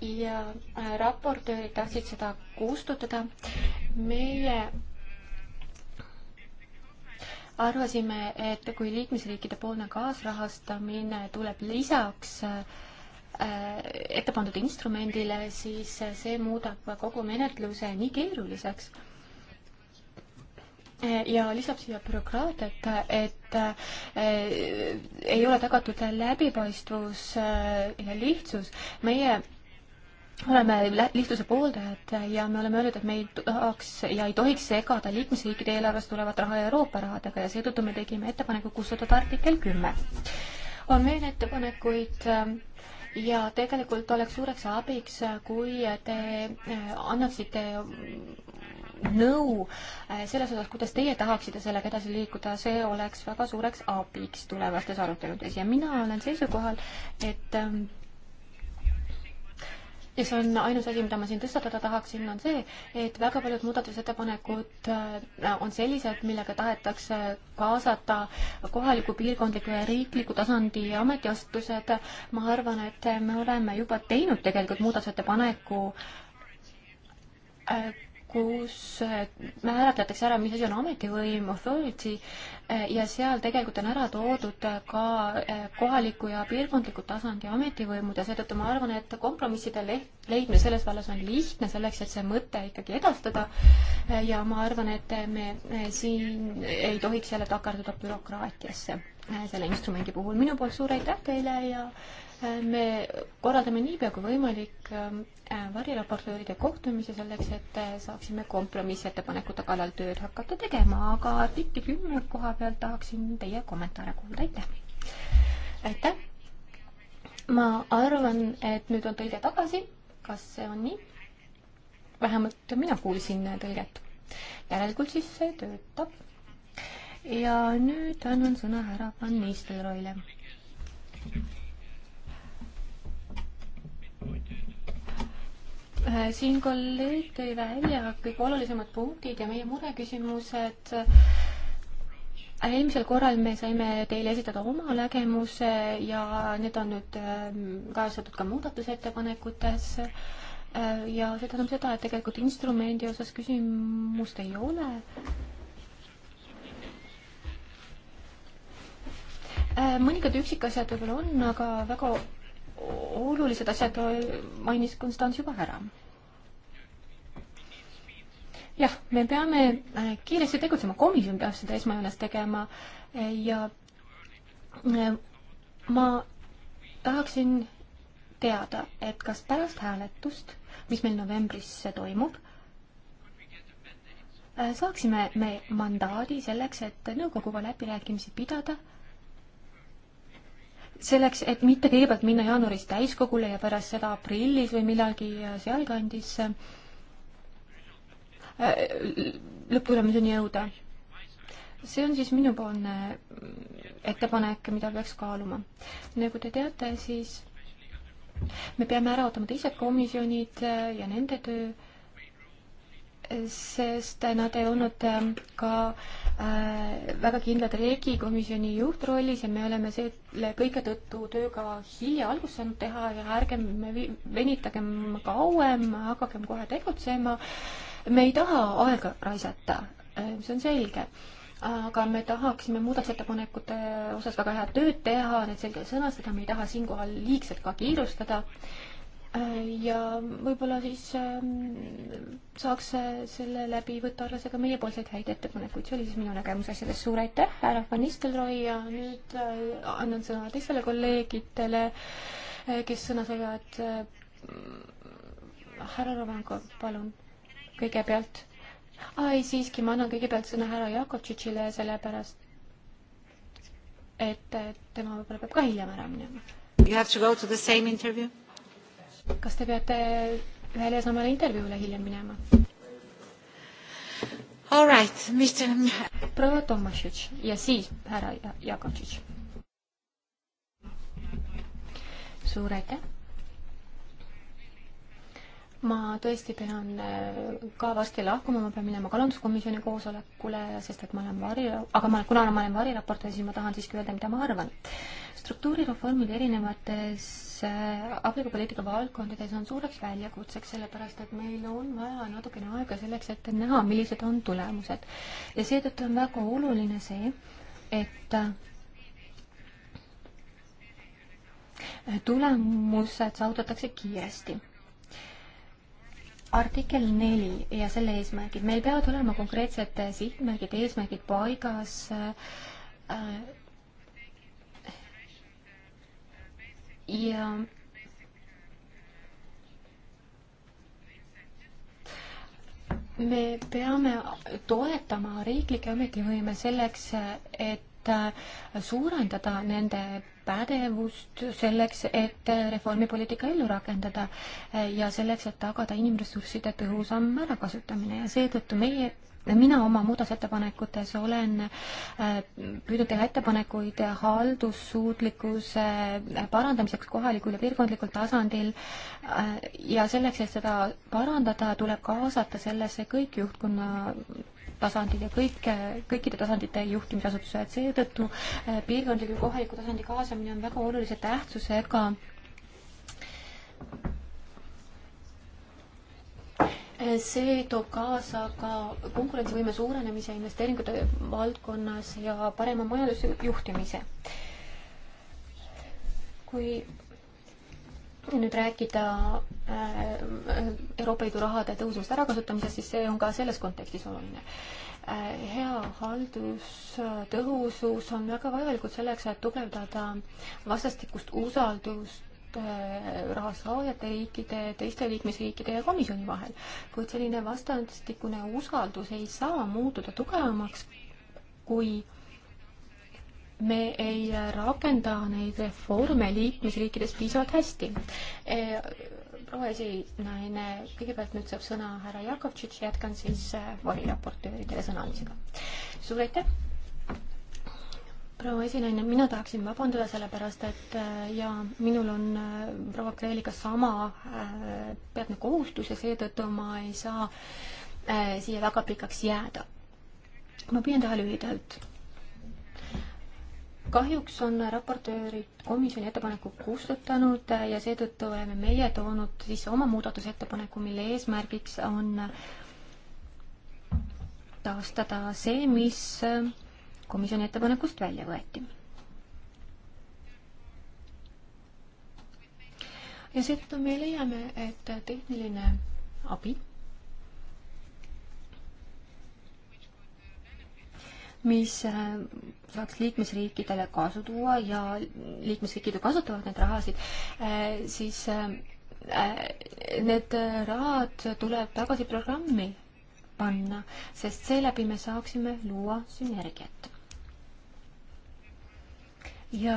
ja äh, raportöörid tahtsid seda kustutada. meie arvasime, et kui liikmesriikide poolne kaasrahastamine tuleb lisaks äh, ette pandud instrumendile, siis see muudab kogu menetluse nii keeruliseks ja lisab siia bürokraatiat, et äh, ei ole tagatud läbipaistvus ja lihtsus. meie oleme lihtsuse pooldajad ja me oleme öelnud, et me ei tahaks ja ei tohiks segada liikmesriikide eelarvest tulevat raha Euroopa rahadega ja seetõttu me tegime ettepaneku kustutada artikkel kümme. on veel ettepanekuid äh, ja tegelikult oleks suureks abiks, äh, kui te äh, annaksite nõu selles osas, kuidas teie tahaksite sellega edasi liikuda, see oleks väga suureks abiks tulevastes aruteludes ja mina olen seisukohal, et ähm, ja see on ainus asi, mida ma siin tõstatada tahaksin, on see, et väga paljud muudatusettepanekud äh, on sellised, millega tahetakse kaasata kohaliku, piirkondliku ja riikliku tasandi ametiasutused. ma arvan, et me oleme juba teinud tegelikult muudatusettepaneku äh, kus eh, määratletakse ära, mis asi on ametivõim, authority, eh, ja seal tegelikult on ära toodud ka eh, kohaliku ja piirkondliku tasandi ametivõimud ja seetõttu ma arvan, et kompromisside leidmine selles vallas on lihtne, selleks et see mõte ikkagi edastada. ja ma arvan, et me siin ei tohiks jälle takerduda bürokraatiasse selle instrumendi puhul. minu poolt suur aitäh teile ja me korraldame niipea kui võimalik äh, variraportööride kohtumise selleks, et äh, saaksime kompromissettepanekute kallal tööd hakata tegema, aga artikli kümne koha peal tahaksin teie kommentaare kuulda, aitäh! aitäh! ma arvan, et nüüd on tõlge tagasi, kas see on nii? vähemalt mina kuulsin tõlget. järelikult siis see töötab. ja nüüd annan sõna härra Van Nistelrooile. Äh, siin kolleeg tõi välja kõige olulisemad punktid ja meie mureküsimused. Äh, eelmisel korral me saime teile esitada oma nägemuse ja need on nüüd äh, kajastatud ka muudatusettepanekutes ja see tähendab seda, et tegelikult instrumendi osas küsimust ei ole. mõningad üksikasjad võib-olla on, aga väga olulised asjad mainis Konstants juba ära. jah, me peame äh, kiiresti tegutsema, komisjon peab seda esmajoones tegema ja äh, ma tahaksin teada, et kas pärast hääletust, mis meil novembris toimub, äh, saaksime me mandaadi selleks, et nõukoguga läbirääkimisi pidada selleks, et mitte kõigepealt minna jaanuaris täiskogule ja pärast seda aprillis või millalgi äh, sealkandis äh, lõpptulemuseni jõuda. see on siis minupoolne mm, ettepanek, mida peaks kaaluma. nagu te teate, siis me peame ära ootama teised komisjonid äh, ja nende töö sest nad ei olnud ähm, ka äh, väga kindlad regikomisjoni juhtrollis ja me oleme selle kõige tõttu tööga hilja algust saanud teha ja ärgem venitagem kauem, hakakem kohe tegutsema. me ei taha aega raisata, äh, see on selge aga me tahaksime muudatusettepanekute osas väga head tööd teha, need selgelt sõnastada, me ei taha siinkohal liigselt ka kiirustada Äh, ja võib-olla siis ähm, saaks selle läbi võtta arvesse ka meiepoolseid häid ettepanekuid, see oli siis minu nägemus asjadest, suur aitäh, härra Van Nistelrooy ja nüüd äh, annan sõna teistele kolleegidele, äh, kes sõna soovivad. härra Rovanko, palun, kõigepealt. ei, siiski, ma annan kõigepealt sõna härra Jakovtšitšile, sellepärast et tema võib-olla peab ka hiljem ära minema. You have to go to the same interview? kas te peate ühele ja samale intervjuule hiljem minema? All right, Mr. proua Tomašitš ja siis härra Jakovtšitš. suur aitäh ma tõesti pean äh, ka varsti lahkuma, ma pean minema kalanduskomisjoni koosolekule, sest et ma olen vari, aga ma, kuna ma olen variraportöör, siis ma tahan siiski öelda, mida ma arvan. struktuurireformid erinevates äh, abieluvõttika valdkondades on suureks väljakutseks, sellepärast et meil on vaja natukene aega selleks, et näha, millised on tulemused. ja seetõttu on väga oluline see, et äh, tulemused saavutatakse kiiresti artikkel neli ja selle eesmärgid, meil peavad olema konkreetsed sihtmärgid, eesmärgid paigas äh,. ja me peame toetama riiklikke ametivõime selleks, et äh, suurendada nende pädevust selleks, et reformipoliitika ellu rakendada ja selleks, et tagada inimressursside tõhusam ärakasutamine ja seetõttu meie mina oma muudatusettepanekutes olen äh, püüdnud teha ettepanekuid haldussuutlikkuse parandamiseks kohalikul ja piirkondlikul tasandil äh, ja selleks, et seda parandada, tuleb kaasata sellesse kõik juhtkonna tasandil ja kõik, kõikide tasandite juhtimisasutused, seetõttu äh, piirkondliku ja kohaliku tasandi kaasamine on väga olulise tähtsusega äh, see toob kaasa ka konkurentsivõime suurenemise investeeringute valdkonnas ja parema majandusjuhtimise. kui nüüd rääkida äh, Euroopa Liidu rahade tõhusast ärakasutamisest, siis see on ka selles kontekstis oluline. Äh, hea haldus, tõhusus on väga vajalikud selleks, et tugevdada vastastikust usaldust äh, raha saajate riikide, teiste liikmesriikide ja komisjoni vahel. kuid selline vastastikune usaldus ei saa muutuda tugevamaks, kui äh, me ei rakenda neid reforme liikmesriikides piisavalt hästi e,. proua esinaine, kõigepealt nüüd saab sõna härra Jakovtšitš, jätkan siis e, variraportööridele sõna andmisega. suur aitäh! proua esinaine, mina tahaksin vabandada, sellepärast et e, ja minul on e, proua Kreeliga sama peatne kohustus ja seetõttu ma ei saa siia väga pikaks jääda. ma püüan teha lühidalt kahjuks on raportöörid komisjoni ettepaneku kustutanud ja seetõttu oleme meie toonud sisse oma muudatusettepaneku, mille eesmärgiks on taastada see, mis komisjoni ettepanekust välja võeti. ja seetõttu me leiame, et tehniline abi mis äh, saaks liikmesriikidele kasu tuua ja liikmesriigid ju kasutavad neid rahasid, äh, siis äh, need rahad tuleb tagasi programmi panna, sest seeläbi me saaksime luua sünergiat. ja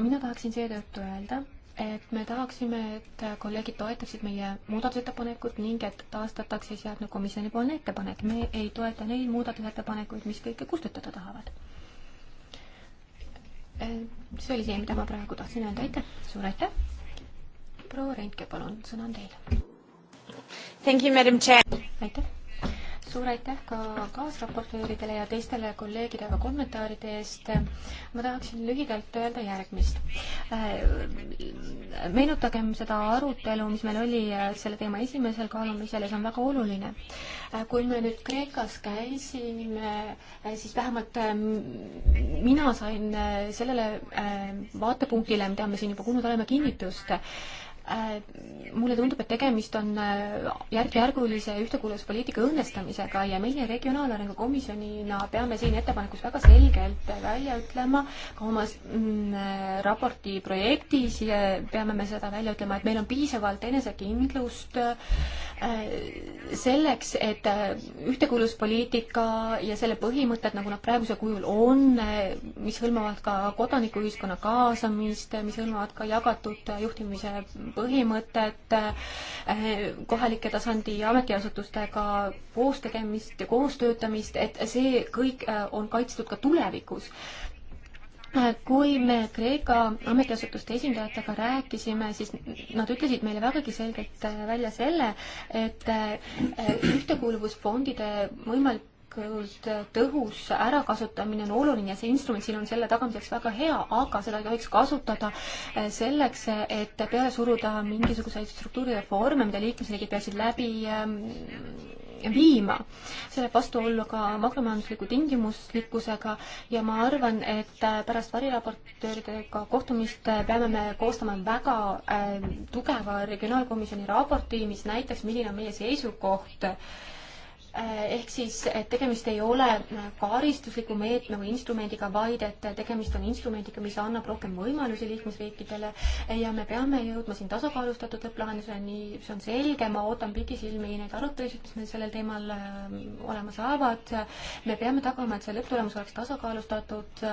mina tahaksin seetõttu öelda et me tahaksime, et kolleegid toetaksid meie muudatusettepanekut ning et taastatakse seadme komisjoni poolne ettepanek. me ei toeta neid muudatusettepanekuid, mis kõike kustutada tahavad. Äh, see oli see, mida ma praegu tahtsin öelda, aitäh, suur aitäh. proua Rentke, palun, sõna on teil. aitäh suur aitäh ka kaasraportööridele ja teistele kolleegidele kommentaaride eest. ma tahaksin lühidalt öelda järgmist. Äh, meenutagem seda arutelu, mis meil oli äh, selle teema esimesel kaalumisel ja see on väga oluline. Äh, kui me nüüd Kreekas käisime, siis vähemalt ähm, mina sain sellele vaatepunktile, mida me siin juba kuulnud oleme, kinnitust Äh, mulle tundub, et tegemist on äh, järk-järgulise ühtekuuluvuspoliitika õõnestamisega ja meie Regionaalarengu Komisjonina peame siin ettepanekus väga selgelt välja ütlema, ka oma mm, raporti projektis peame me seda välja ütlema, et meil on piisavalt enesekindlust äh, selleks, et ühtekuuluvuspoliitika ja selle põhimõtted, nagu nad praegusel kujul on, mis hõlmavad ka kodanikuühiskonna kaasamist, mis hõlmavad ka jagatud juhtimise põhimõtet, äh, kohalike tasandi ametiasutustega koos tegemist ja koos töötamist, et see kõik äh, on kaitstud ka tulevikus äh, kui me Kreeka ametiasutuste esindajatega rääkisime, siis nad ütlesid meile vägagi selgelt välja selle, et ühtekuuluvusfondide võimalik võimalikult tõhus ärakasutamine on oluline ja see instrument siin on selle tagamiseks väga hea, aga seda ei tohiks kasutada eh, selleks, et peale suruda mingisuguseid struktuurireforme, mida liikmesriigid peaksid läbi ehm, viima. see läheb vastuollu ka makromajandusliku tingimuslikkusega ja ma arvan, et eh, pärast variraportööridega kohtumist eh, peame me koostama väga tugeva regionaalkomisjoni raporti, mis näitaks, milline on meie seisukoht äh, Äh, ehk siis, et tegemist ei ole äh, karistusliku meetme või instrumendiga, vaid et äh, tegemist on instrumendiga, mis annab rohkem võimalusi liikmesriikidele ja me peame jõudma siin tasakaalustatud lõpplahenduseni, see on selge, ma ootan pikisilmi neid arutelusid, mis meil sellel teemal olema saavad. me peame tagama, et see lõpptulemus oleks tasakaalustatud,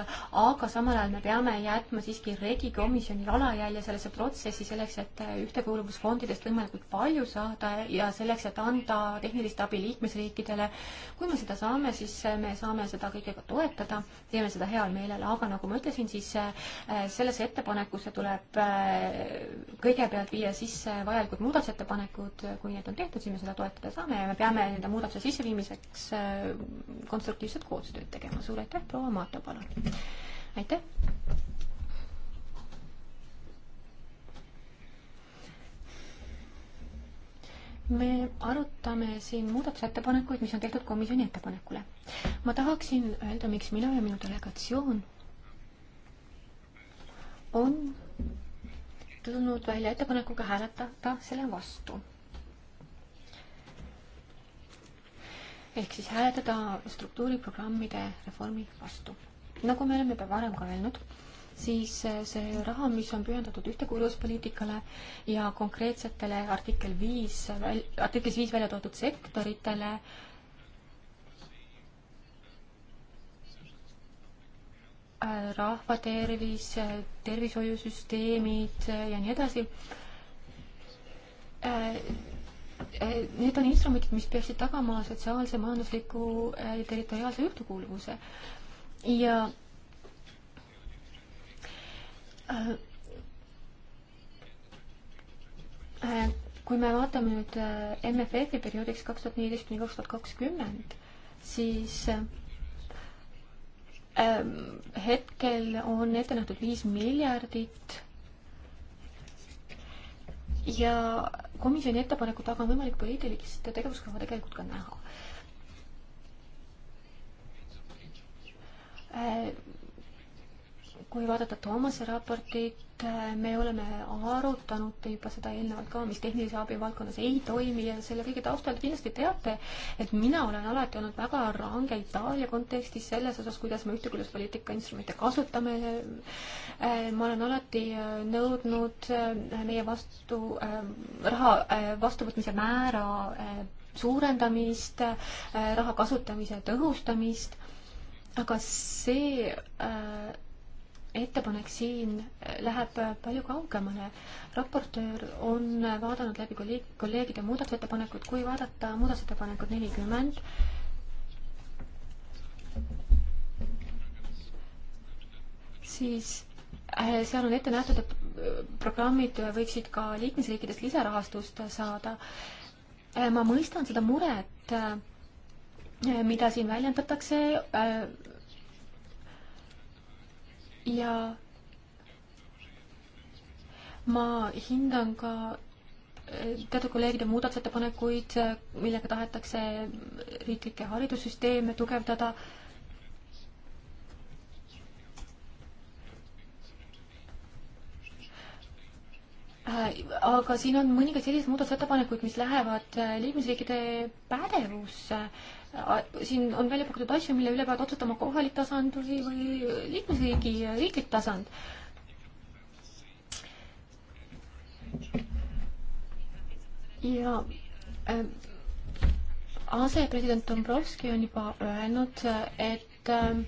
aga samal ajal me peame jätma siiski regikomisjoni jalajälje sellesse protsessi selleks, et ühtekuuluvusfondidest võimalikult palju saada ja selleks, et anda tehnilist abi liikmesriikidele liikmesriikidele. kui me seda saame, siis me saame seda kõike ka toetada, teeme seda heal meelel, aga nagu ma ütlesin, siis äh, sellesse ettepanekusse tuleb äh, kõigepealt viia sisse vajalikud muudatusettepanekud, kui need on tehtud, siis me seda toetada saame ja me peame nende muudatuse sisseviimiseks äh, konstruktiivset koostööd tegema. suur aitäh, proua Maato, palun! aitäh! me arutame siin muudatusettepanekuid, mis on tehtud komisjoni ettepanekule. ma tahaksin öelda, miks mina ja minu delegatsioon on tulnud välja ettepanekuga hääletada selle vastu. ehk siis hääletada struktuuriprogrammide reformi vastu. nagu me oleme juba varem ka öelnud siis eh, see raha, mis on pühendatud ühtekuuluvuspoliitikale ja konkreetsetele artikkel viis, artiklis viis välja toodud sektoritele, eh, rahvatervis, eh, tervishoiusüsteemid ja nii edasi. Need on instrumendid, mis peaksid tagama sotsiaalse, majandusliku ja territoriaalse ühtekuuluvuse ja Äh, äh, kui me vaatame nüüd äh, MFF-i perioodiks kaks tuhat neliteist kuni kaks tuhat kakskümmend, siis ähm, hetkel on ette nähtud viis miljardit ja komisjoni ettepaneku taga on võimalik poliitilist tegevuskava tegelikult ka näha kui vaadata Toomase raportit, me oleme arutanud juba seda eelnevalt ka, mis tehnilise abi valdkonnas ei toimi ja selle kõige taustal kindlasti teate, et mina olen alati olnud väga range Itaalia kontekstis selles osas, kuidas me ühtekülluspoliitika instrumente kasutame. Äh, ma olen alati äh, nõudnud äh, meie vastu, raha vastuvõtmise määra suurendamist, raha kasutamise tõhustamist, aga see äh, ettepanek siin äh, läheb äh, palju kaugemale. raportöör on äh, vaadanud läbi kolleeg, kolleegide muudatusettepanekud, kui vaadata muudatusettepanekut nelikümmend, siis seal on ette nähtud, et programmid võiksid ka liikmesriikidest lisarahastust saada. ma mõistan seda muret, mida siin väljendatakse ja ma hindan ka eh, teatud kolleegide muudatusettepanekuid, eh, millega tahetakse riiklikke haridussüsteeme tugevdada. Eh, aga siin on mõningaid selliseid muudatusettepanekuid, mis lähevad liikmesriikide pädevusse siin on välja pakutud asju, mille üle peavad otsustama kohalik tasand või, või liikmesriigi riiklik tasand. ja äh, asepresident Dombrovski on juba öelnud, et ähm,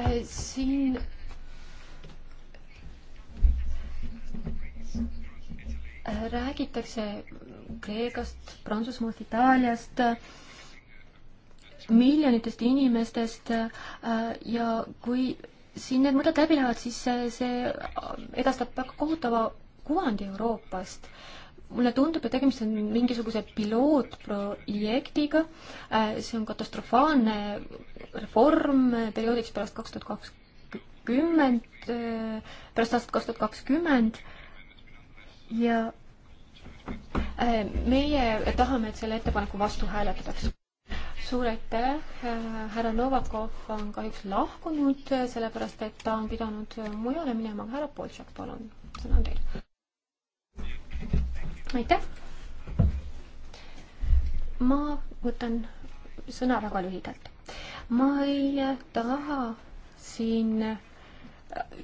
äh, siin räägitakse Kreekast, Prantsusmaalt, Itaaliast, miljonitest inimestest äh, ja kui siin need mõtted läbi lähevad, siis see edastab väga kohutava kuvandi Euroopast. mulle tundub, et tegemist on mingisuguse pilootprojektiga, äh, see on katastrofaalne reform äh, perioodiks pärast kaks tuhat kakskümmend, pärast aastat kaks tuhat kakskümmend ja meie tahame, et selle ettepaneku vastu hääletataks. suur aitäh, härra Novakov on kahjuks lahkunud, sellepärast et ta on pidanud mujale minema, aga härra Poltšak, palun, sõna on teil. aitäh. ma võtan sõna väga lühidalt. ma ei taha siin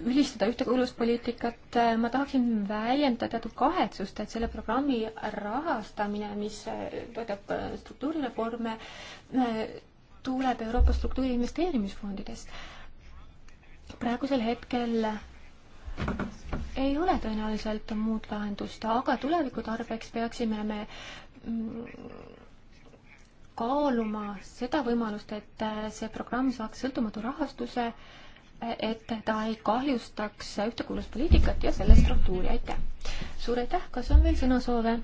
ülistada ühtekuuluvuspoliitikat, ma tahaksin väljendada teatud kahetsust, et selle programmi rahastamine, mis toetab struktuurireforme, tuleb Euroopa struktuuri investeerimisfondidest. praegusel hetkel ei ole tõenäoliselt muud lahendust, aga tuleviku tarbeks peaksime me mm, kaaluma seda võimalust, et see programm saaks sõltumatu rahastuse äh, et ta ei kahjustaks ühtekuuluvuspoliitikat ja selle struktuuri, aitäh! suur aitäh, kas on veel sõnasoove?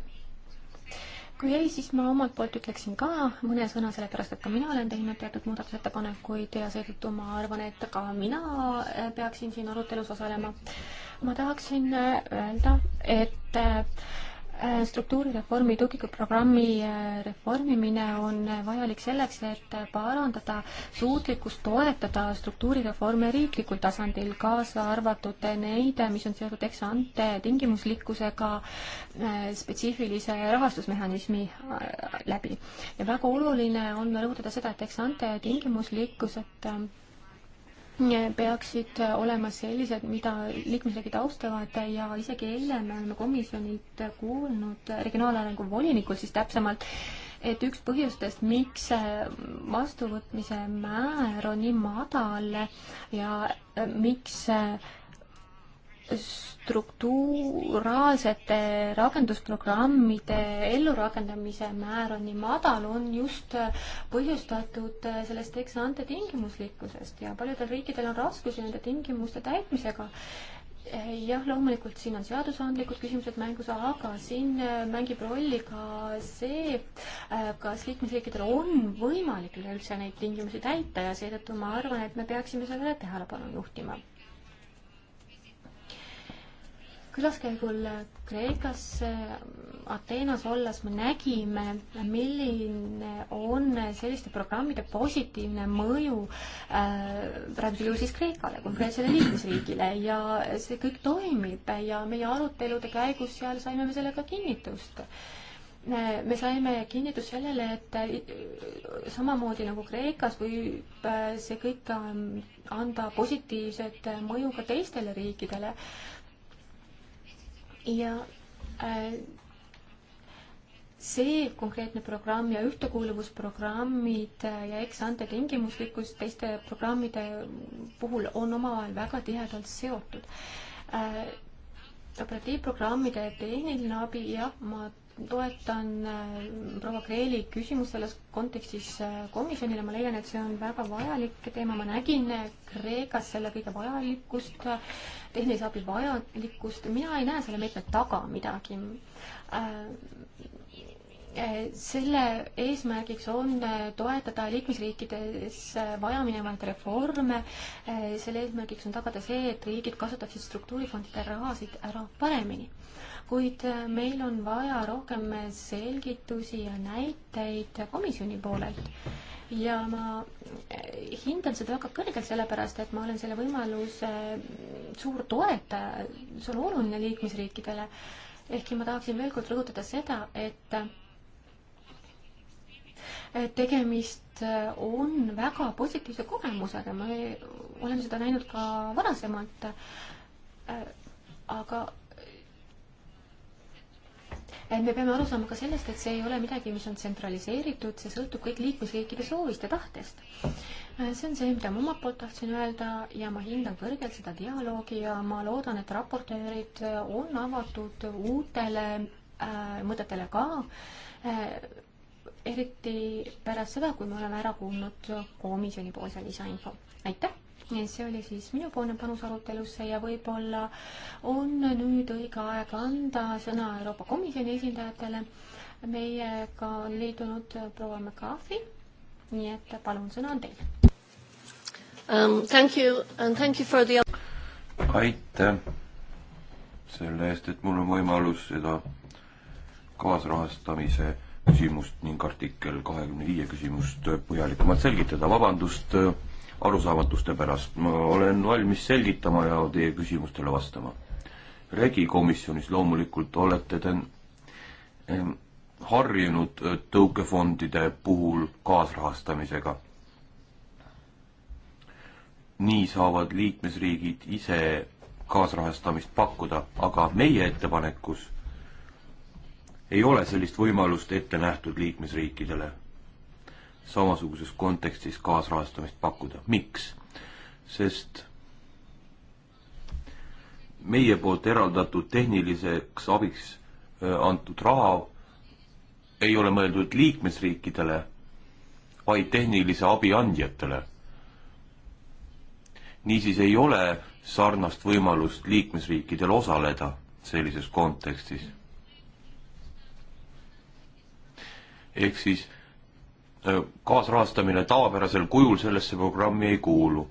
kui ei, siis ma omalt poolt ütleksin ka mõne sõna, sellepärast et ka mina olen teinud teatud muudatusettepanekuid ja seetõttu ma arvan, et ka mina äh, peaksin siin arutelus osalema. ma tahaksin äh, öelda, et äh, Äh, struktuurireformi tugiprogrammi äh, reformimine on äh, vajalik selleks, et parandada suutlikkust toetada struktuurireforme riiklikul tasandil, kaasa arvatud neid, mis on seotud eksante tingimuslikkusega spetsiifilise rahastusmehhanismi läbi. ja väga oluline on rõhutada seda, et eksante tingimuslikkused et peaksid olema sellised, mida liikmesriigid austavad ja isegi eile me oleme komisjonilt kuulnud regionaalarengu volinikult siis täpsemalt, et üks põhjustest, miks vastuvõtmise määr on nii madal ja miks struktuuraalsete rakendusprogrammide ellurakendamise määr on nii madal, on just äh, põhjustatud äh, sellest eksante tingimuslikkusest ja paljudel riikidel on raskusi nende tingimuste täitmisega. Äh, jah, loomulikult siin on seadusandlikud küsimused mängus, aga siin mängib rolli ka see, kas liikmesriikidel on võimalik üleüldse neid tingimusi täita ja seetõttu ma arvan, et me peaksime sellele tähelepanu juhtima külaskäigul Kreekas, Ateenas olles me nägime, milline on selliste programmide positiivne mõju äh, praegusel juhul siis Kreekale, konkreetsele liikmesriigile ja see kõik toimib ja meie arutelude käigus seal saime me sellega kinnitust äh, me saime kinnitust sellele, et äh, samamoodi nagu Kreekas võib äh, see kõik anda positiivset mõju ka teistele riikidele ja äh, see konkreetne programm ja ühtekuuluvusprogrammid äh, ja eksande tingimuslikkus teiste programmide puhul on omavahel väga tihedalt seotud äh, operatiivprogrammide tehniline abi, jah, ma toetan äh, proua Kreeli küsimust selles kontekstis äh, komisjonile, ma leian, et see on väga vajalik teema, ma nägin äh, Kreekas selle kõige vajalikkust, tehnilise abi vajalikkust, mina ei näe selle meetme taga midagi. selle eesmärgiks on toetada liikmesriikides vajaminevaid reforme, selle eesmärgiks on tagada see, et riigid kasutaksid struktuurifondide rahasid ära paremini kuid äh, meil on vaja rohkem selgitusi ja näiteid komisjoni poolelt. ja ma äh, hindan seda väga kõrgelt, sellepärast et ma olen selle võimaluse äh, suur toetaja, see on oluline liikmesriikidele. ehkki ma tahaksin veel kord rõhutada seda, et tegemist on väga positiivse kogemusega, me oleme seda näinud ka varasemalt. aga me peame aru saama ka sellest, et see ei ole midagi, mis on tsentraliseeritud, see sõltub kõik liikmesriikide soovist ja tahtest. Äh, see on see, mida ma omalt poolt tahtsin öelda ja ma hindan kõrgelt seda dialoogi ja ma loodan, et raportöörid äh, on avatud uutele äh, mõtetele ka äh,, eriti pärast seda, kui me oleme ära kuulnud komisjonipoolse lisainfo. aitäh! see oli siis minupoolne panus arutelusse ja võib-olla on nüüd õige aeg anda sõna Euroopa Komisjoni esindajatele, meiega on liitunud proua McCarthy, nii et palun, sõna on teil um,. Thank you and thank you for the aitäh selle eest, et mul on võimalus seda kaasrahastamise küsimust ning artikkel kahekümne viie küsimust põhjalikumalt selgitada. vabandust arusaamatuste pärast. ma olen valmis selgitama ja teie küsimustele vastama. regikomisjonis loomulikult olete te ehm, harjunud eh, tõukefondide puhul kaasrahastamisega. nii saavad liikmesriigid ise kaasrahastamist pakkuda, aga meie ettepanekus ei ole sellist võimalust ette nähtud liikmesriikidele samasuguses kontekstis kaasrahastamist pakkuda. miks? sest meie poolt eraldatud tehniliseks abiks äh, antud raha ei ole mõeldud liikmesriikidele, vaid tehnilise abi andjatele. niisiis ei ole sarnast võimalust liikmesriikidel osaleda sellises kontekstis. ehk siis Äh, kaasrahastamine tavapärasel kujul sellesse programmi ei kuulu.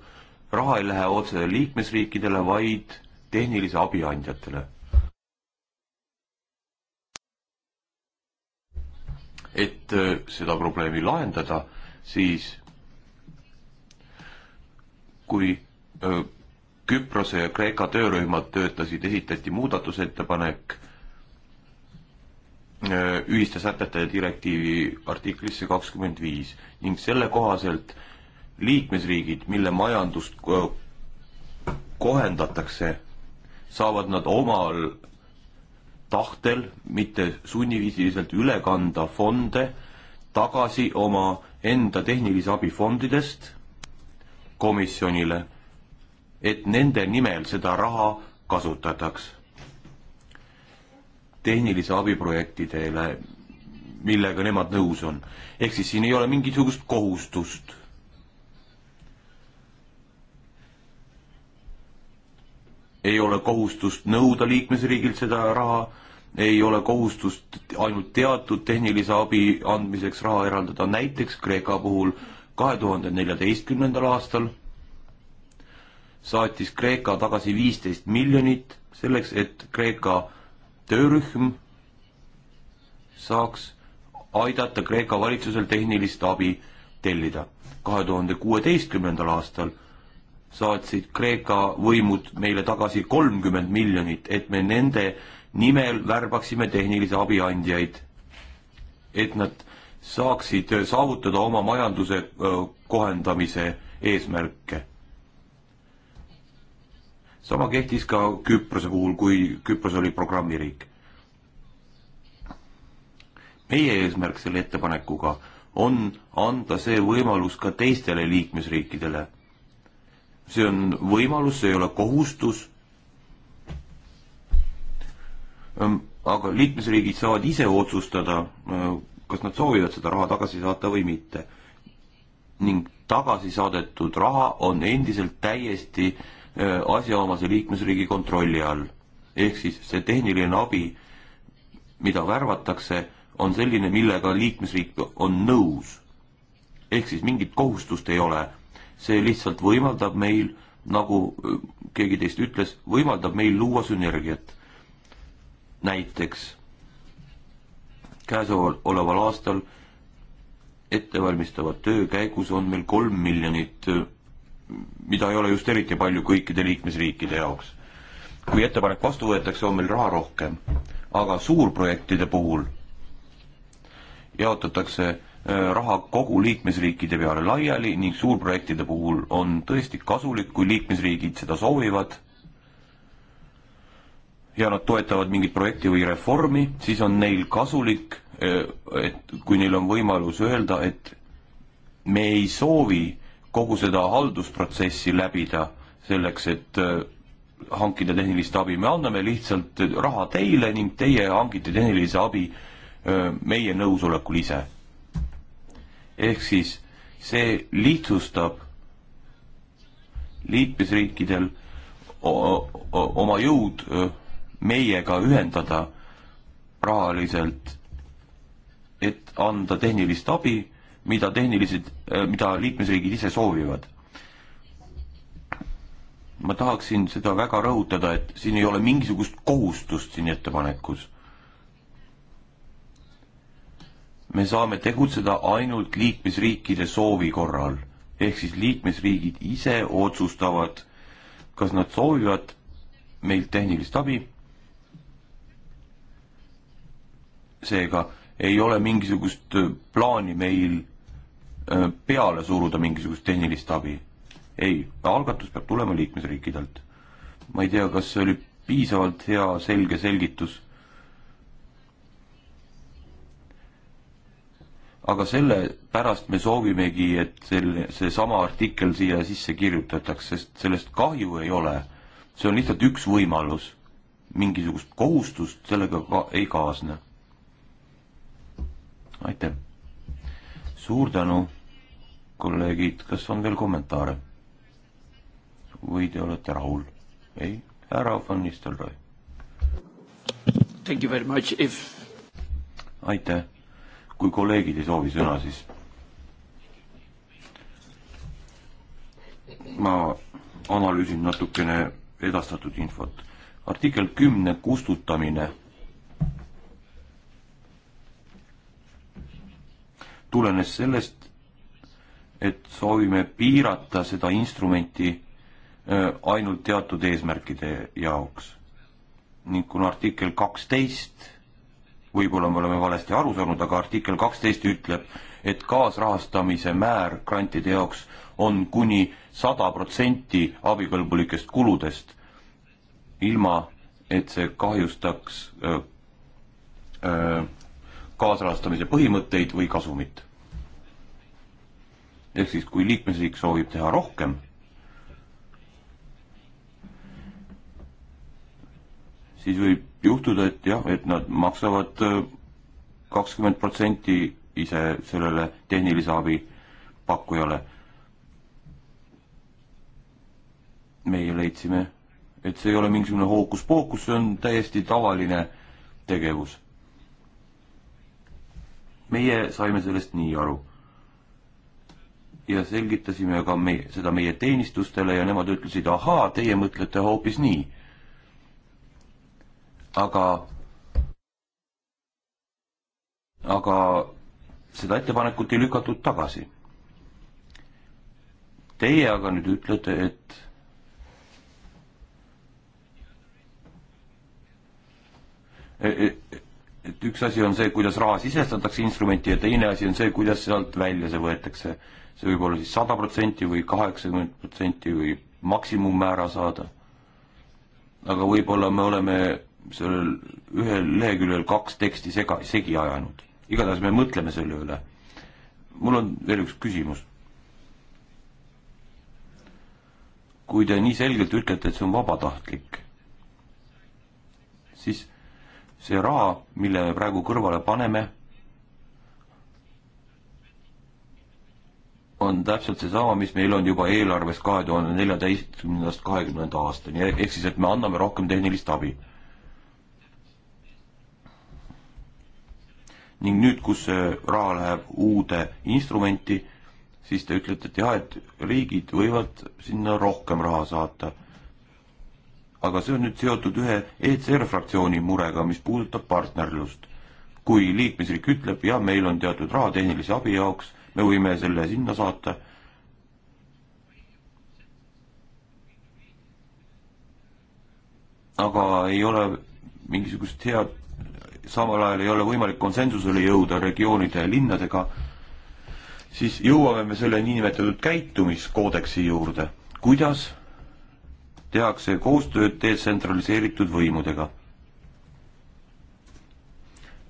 raha ei lähe otse liikmesriikidele, vaid tehnilise abi andjatele. et äh, seda probleemi lahendada, siis kui äh, Küprose ja Kreeka töörühmad töötasid, esitati muudatusettepanek Äh, ühiste sätete direktiivi artiklisse kakskümmend viis ning selle kohaselt liikmesriigid, mille majandust kohendatakse, saavad nad omal tahtel, mitte sunniviisiliselt üle kanda fonde tagasi oma enda tehnilise abi fondidest komisjonile, et nende nimel seda raha kasutataks tehnilise abi projektidele, millega nemad nõus on. ehk siis siin ei ole mingisugust kohustust. ei ole kohustust nõuda liikmesriigilt seda raha, ei ole kohustust ainult teatud tehnilise abi andmiseks raha eraldada, näiteks Kreeka puhul kahe tuhande neljateistkümnendal aastal saatis Kreeka tagasi viisteist miljonit selleks, et Kreeka töörühm saaks aidata Kreeka valitsusel tehnilist abi tellida. kahe tuhande kuueteistkümnendal aastal saatsid Kreeka võimud meile tagasi kolmkümmend miljonit, et me nende nimel värbaksime tehnilisi abiandjaid, et nad saaksid saavutada oma majanduse kohendamise eesmärke sama kehtis ka Küprose puhul, kui Küpros oli programmiriik. meie eesmärk selle ettepanekuga on anda see võimalus ka teistele liikmesriikidele. see on võimalus, see ei ole kohustus. Ehm, aga liikmesriigid saavad ise otsustada, ehm, kas nad soovivad seda raha tagasi saata või mitte. ning tagasi saadetud raha on endiselt täiesti äh, Äh, asjaomase liikmesriigi kontrolli all. ehk siis see tehniline abi, mida värvatakse, on selline, millega liikmesriik on nõus. ehk siis mingit kohustust ei ole. see lihtsalt võimaldab meil, nagu äh, keegi teist ütles, võimaldab meil luua sünergiat. näiteks käesoleval aastal ettevalmistava töö käigus on meil kolm miljonit äh, mida ei ole just eriti palju kõikide liikmesriikide jaoks. kui ettepanek vastu võetakse, on meil raha rohkem, aga suurprojektide puhul jaotatakse äh, raha kogu liikmesriikide peale laiali ning suurprojektide puhul on tõesti kasulik, kui liikmesriigid seda soovivad ja nad toetavad mingit projekti või reformi, siis on neil kasulik, äh, et kui neil on võimalus öelda, et me ei soovi kogu seda haldusprotsessi läbida selleks, et äh, hankida tehnilist abi, me anname lihtsalt raha teile ning teie hangite tehnilise abi äh, meie nõusolekul ise. ehk siis see lihtsustab liikmesriikidel oma jõud äh, meiega ühendada rahaliselt, et anda tehnilist abi mida tehnilised, äh, mida liikmesriigid ise soovivad. ma tahaksin seda väga rõhutada, et siin ei ole mingisugust kohustust siin ettepanekus. me saame tegutseda ainult liikmesriikide soovi korral, ehk siis liikmesriigid ise otsustavad, kas nad soovivad meilt tehnilist abi. seega ei ole mingisugust plaani meil Äh, peale suruda mingisugust tehnilist abi. ei, algatus peab tulema liikmesriikidelt. ma ei tea, kas see oli piisavalt hea selge selgitus. aga selle pärast me soovimegi, et selle, seesama artikkel siia sisse kirjutataks, sest sellest kahju ei ole. see on lihtsalt üks võimalus. mingisugust kohustust sellega ka ei kaasne. aitäh! suur tänu! kolleegid, kas on veel kommentaare? või te olete rahul? ei, härra von Nistelrooy. Thank you very much, if aitäh. kui kolleegid ei soovi sõna, siis ma analüüsin natukene edastatud infot. artikkel kümne kustutamine tulenes sellest, et soovime piirata seda instrumenti äh, ainult teatud eesmärkide jaoks. ning kuna artikkel kaksteist, võib-olla me oleme valesti aru saanud, aga artikkel kaksteist ütleb, et kaasrahastamise määr grantide jaoks on kuni sada protsenti abikõlbulikest kuludest, ilma et see kahjustaks öö, äh, öö, äh, kaasrahastamise põhimõtteid või kasumit ehk siis kui liikmesriik soovib teha rohkem, siis võib juhtuda, et jah, et nad maksavad äh, kakskümmend protsenti ise sellele tehnilise abi pakkujale. meie leidsime, et see ei ole mingisugune hookus-pookus, see on täiesti tavaline tegevus. meie saime sellest nii aru ja selgitasime ka me, seda meie teenistustele ja nemad ütlesid, ahaa, teie mõtlete hoopis nii. aga, aga seda ettepanekut ei lükatud tagasi. Teie aga nüüd ütlete, et e, e, et üks asi on see, kuidas raha sisestatakse instrumenti ja teine asi on see, kuidas sealt välja see võetakse see võib olla siis sada protsenti või kaheksakümmend protsenti või maksimummäära saada. aga võib-olla me oleme sellel ühel leheküljel kaks teksti sega, segi ajanud. igatahes me mõtleme selle üle. mul on veel üks küsimus. kui te nii selgelt ütlete, et see on vabatahtlik, siis see raha, mille me praegu kõrvale paneme on täpselt seesama, mis meil on juba eelarves kahe tuhande neljateistkümnendast kahekümnenda aastani, ehk siis, et me anname rohkem tehnilist abi. ning nüüd, kus see raha läheb uude instrumenti, siis te ütlete, et jah, et riigid võivad sinna rohkem raha saata. aga see on nüüd seotud ühe ECR fraktsiooni murega, mis puudutab partnerlust. kui liikmesriik ütleb, jah, meil on teatud raha tehnilise abi jaoks me võime selle sinna saata. aga ei ole mingisugust head, samal ajal ei ole võimalik konsensusele jõuda regioonide ja linnadega, siis jõuame me selle niinimetatud käitumiskoodeksi juurde. kuidas tehakse koostööd detsentraliseeritud võimudega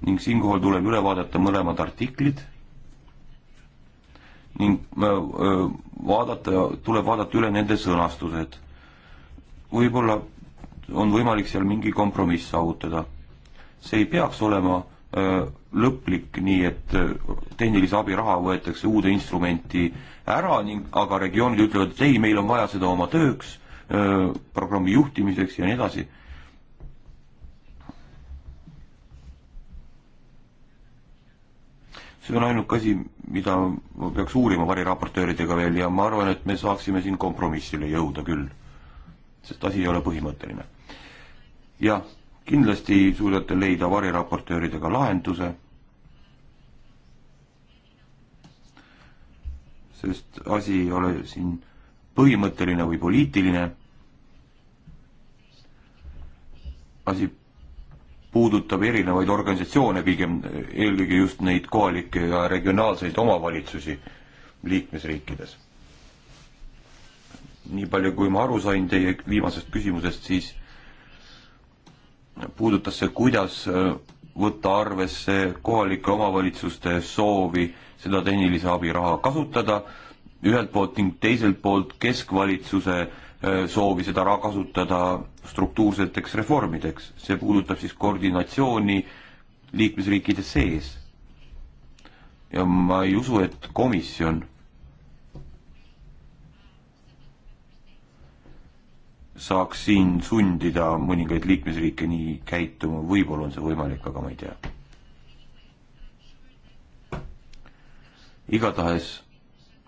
ning siinkohal tuleb üle vaadata mõlemad artiklid ning äh, äh, vaadata, tuleb vaadata üle nende sõnastused. võib-olla on võimalik seal mingi kompromiss saavutada. see ei peaks olema äh, lõplik, nii et tehnilise abi raha võetakse uude instrumenti ära ning, aga regioonid ütlevad, et ei, meil on vaja seda oma tööks, programmi juhtimiseks ja nii edasi see on ainuke asi, mida ma peaks uurima variraportööridega veel ja ma arvan, et me saaksime siin kompromissile jõuda küll. sest asi ei ole põhimõtteline. jah, kindlasti suudate leida variraportööridega lahenduse, sest asi ei ole siin põhimõtteline või poliitiline, asi puudutab erinevaid organisatsioone, pigem eelkõige just neid kohalikke ja regionaalseid omavalitsusi liikmesriikides. nii palju, kui ma aru sain teie viimasest küsimusest, siis puudutas see, kuidas äh, võtta arvesse kohalike omavalitsuste soovi seda tehnilise abi raha kasutada ühelt poolt ning teiselt poolt keskvalitsuse äh, Äh, soovi seda raha kasutada struktuurseteks reformideks. see puudutab siis koordinatsiooni liikmesriikide sees. ja ma ei usu, et komisjon saaks siin sundida mõningaid liikmesriike nii käituma, võib-olla on see võimalik, aga ma ei tea. igatahes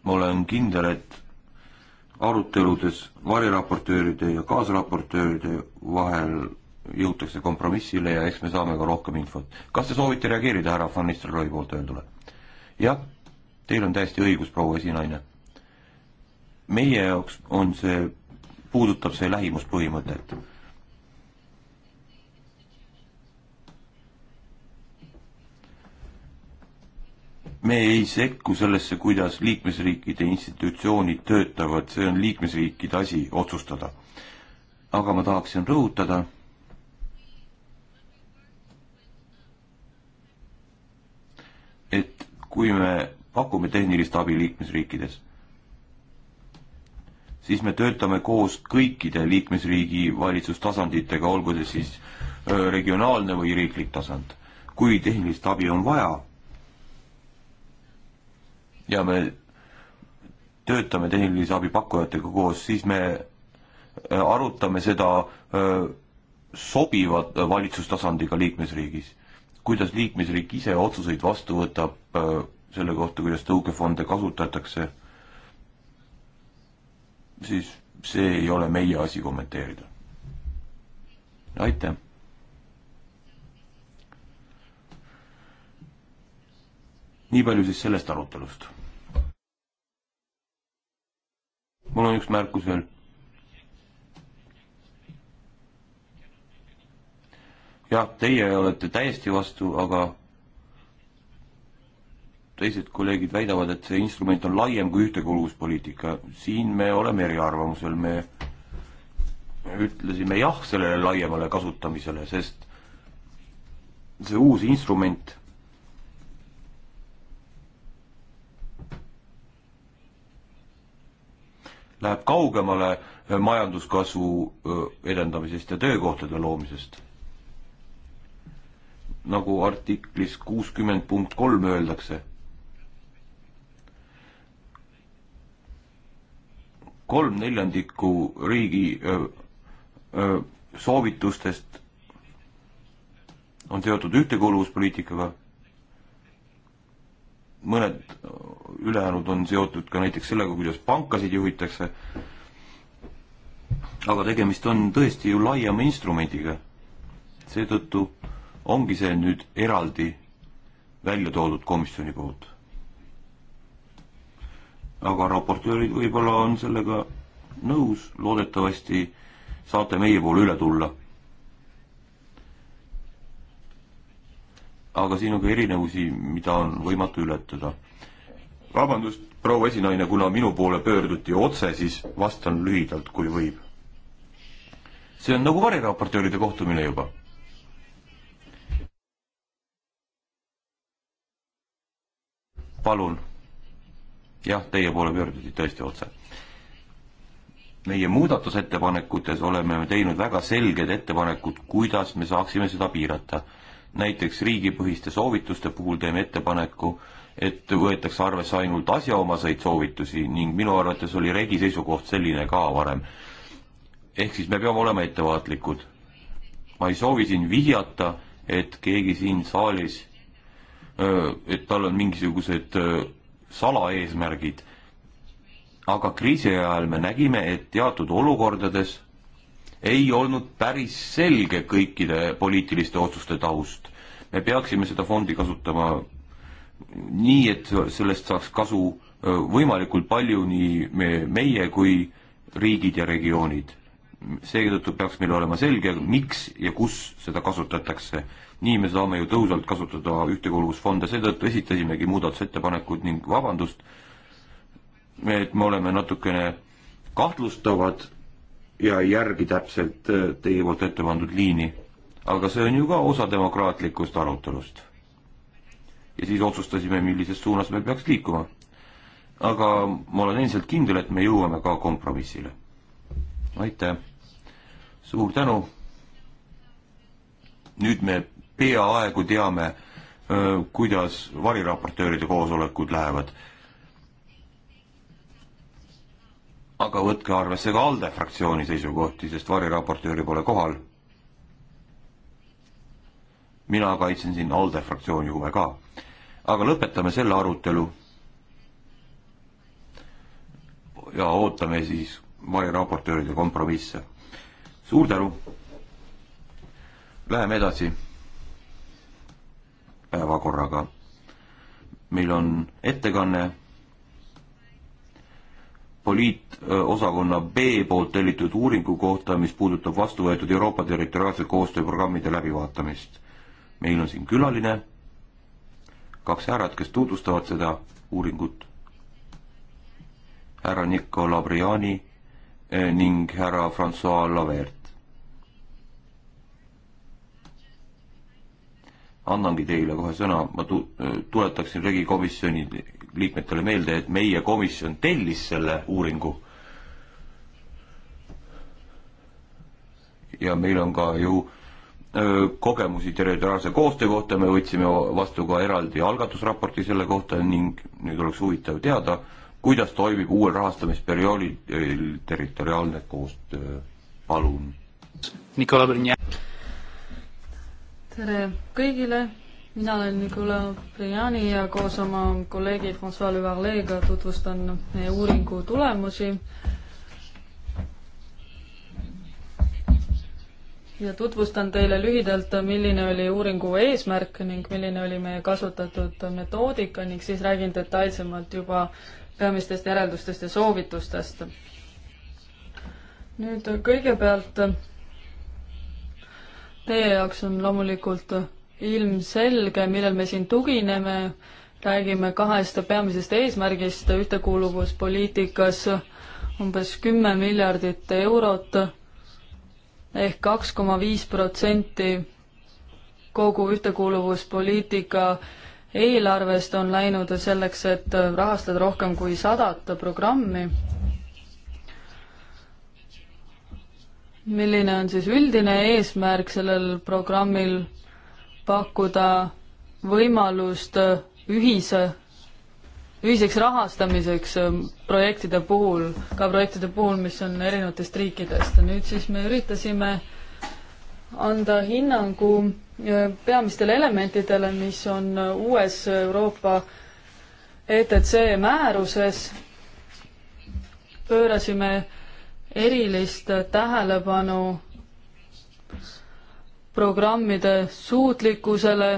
ma olen kindel, et aruteludes variraportööride ja kaasraportööride vahel jõutakse kompromissile ja eks me saame ka rohkem infot. kas te soovite reageerida härra Van Nistelrooy poolt öeldule? jah, teil on täiesti õigus, proua esinaine. meie jaoks on see, puudutab see lähimuspõhimõtet me ei sekku sellesse, kuidas liikmesriikide institutsioonid töötavad, see on liikmesriikide asi otsustada. aga ma tahaksin rõhutada, et kui me pakume tehnilist abi liikmesriikides, siis me töötame koos kõikide liikmesriigi valitsustasanditega, olgu see siis äh, regionaalne või riiklik tasand. kui tehnilist abi on vaja, ja me töötame tehnilise abi pakkujatega koos, siis me äh, arutame seda äh, sobiva äh, valitsustasandiga liikmesriigis. kuidas liikmesriik ise otsuseid vastu võtab selle kohta, kuidas tõukefonde kasutatakse, siis see ei ole meie asi kommenteerida. aitäh! nii palju siis sellest arutelust mul on üks märkus veel. jah, teie olete täiesti vastu, aga teised kolleegid väidavad, et see instrument on laiem kui ühtekuuluvuspoliitika. siin me oleme eriarvamusel, me ütlesime jah sellele laiemale kasutamisele, sest see uus instrument läheb kaugemale eh, majanduskasvu eh, edendamisest ja töökohtade loomisest. nagu artiklis kuuskümmend punkt kolm öeldakse. kolm neljandikku riigi öö, eh, öö, soovitustest on seotud ühtekuuluvuspoliitikaga mõned ülejäänud on seotud ka näiteks sellega, kuidas pankasid juhitakse, aga tegemist on tõesti ju laiema instrumendiga. seetõttu ongi see nüüd eraldi välja toodud komisjoni poolt. aga raportöörid võib-olla on sellega nõus, loodetavasti saate meie poole üle tulla aga siin on ka erinevusi, mida on võimatu ületada. vabandust, proua esinaine, kuna minu poole pöörduti otse, siis vastan lühidalt, kui võib. see on nagu variraportööride kohtumine juba. palun. jah, teie poole pöörduti tõesti otse. meie muudatusettepanekutes oleme me teinud väga selged ettepanekud, kuidas me saaksime seda piirata näiteks riigipõhiste soovituste puhul teeme ettepaneku, et võetakse arvesse ainult asjaomaseid soovitusi ning minu arvates oli Regi seisukoht selline ka varem. ehk siis me peame olema ettevaatlikud. ma ei soovi siin vihjata, et keegi siin saalis, et tal on mingisugused salaeesmärgid, aga kriisi ajal me nägime, et teatud olukordades ei olnud päris selge kõikide poliitiliste otsuste taust. me peaksime seda fondi kasutama nii, et sellest saaks kasu võimalikult palju nii me, meie kui riigid ja regioonid. seetõttu peaks meil olema selge, miks ja kus seda kasutatakse. nii me saame ju tõhusalt kasutada ühtekuuluvusfonde, seetõttu esitasimegi muudatusettepanekud ning vabandust, et me oleme natukene kahtlustavad ja ei järgi täpselt äh, teie poolt ette pandud liini. aga see on ju ka osa demokraatlikust arutelust. ja siis otsustasime, millises suunas me peaks liikuma. aga ma olen endiselt kindel, et me jõuame ka kompromissile. aitäh. suur tänu. nüüd me peaaegu teame, äh, kuidas variraportööride koosolekud lähevad aga võtke arvesse ka ALDE fraktsiooni seisukohti, sest variraportööri pole kohal. mina kaitsen siin ALDE fraktsiooni huve ka. aga lõpetame selle arutelu. ja ootame siis variraportööride kompromisse. suur tänu. Läheme edasi päevakorraga. meil on ettekanne poliitosakonna B poolt tellitud uuringu kohta, mis puudutab vastu võetud Euroopa territoriaalse koostööprogrammide läbivaatamist. meil on siin külaline, kaks härrat, kes tutvustavad seda uuringut, härra Nicola Briani eh, ning härra Francois Lavert. annangi teile kohe sõna, ma tu-, tuletaksin regikomisjoni liikmetele meelde, et meie komisjon tellis selle uuringu. ja meil on ka ju öö, kogemusi territoriaalse koostöö kohta, me võtsime vastu ka eraldi algatusraporti selle kohta ning nüüd oleks huvitav teada, kuidas toimib uuel rahastamisperioodil territoriaalne koostöö, palun. Nikolai Brnjak tere kõigile, mina olen Nicolas Priani ja koos oma kolleegi Francois Levarlega tutvustan meie uuringu tulemusi. ja tutvustan teile lühidalt, milline oli uuringu eesmärk ning milline oli meie kasutatud metoodika ning siis räägin detailsemalt juba peamistest järeldustest ja soovitustest. nüüd kõigepealt Teie jaoks on loomulikult ilmselge, millel me siin tugineme, räägime kahest peamisest eesmärgist ühtekuuluvuspoliitikas, umbes kümme miljardit eurot ehk kaks koma viis protsenti kogu ühtekuuluvuspoliitika eelarvest on läinud selleks, et rahastada rohkem kui sadat programmi milline on siis üldine eesmärk sellel programmil pakkuda võimalust äh, ühise, ühiseks rahastamiseks äh, projektide puhul, ka projektide puhul, mis on erinevatest riikidest. nüüd siis me üritasime anda hinnangu äh, peamistele elementidele, mis on uues Euroopa ETC määruses. pöörasime erilist tähelepanu programmide suutlikkusele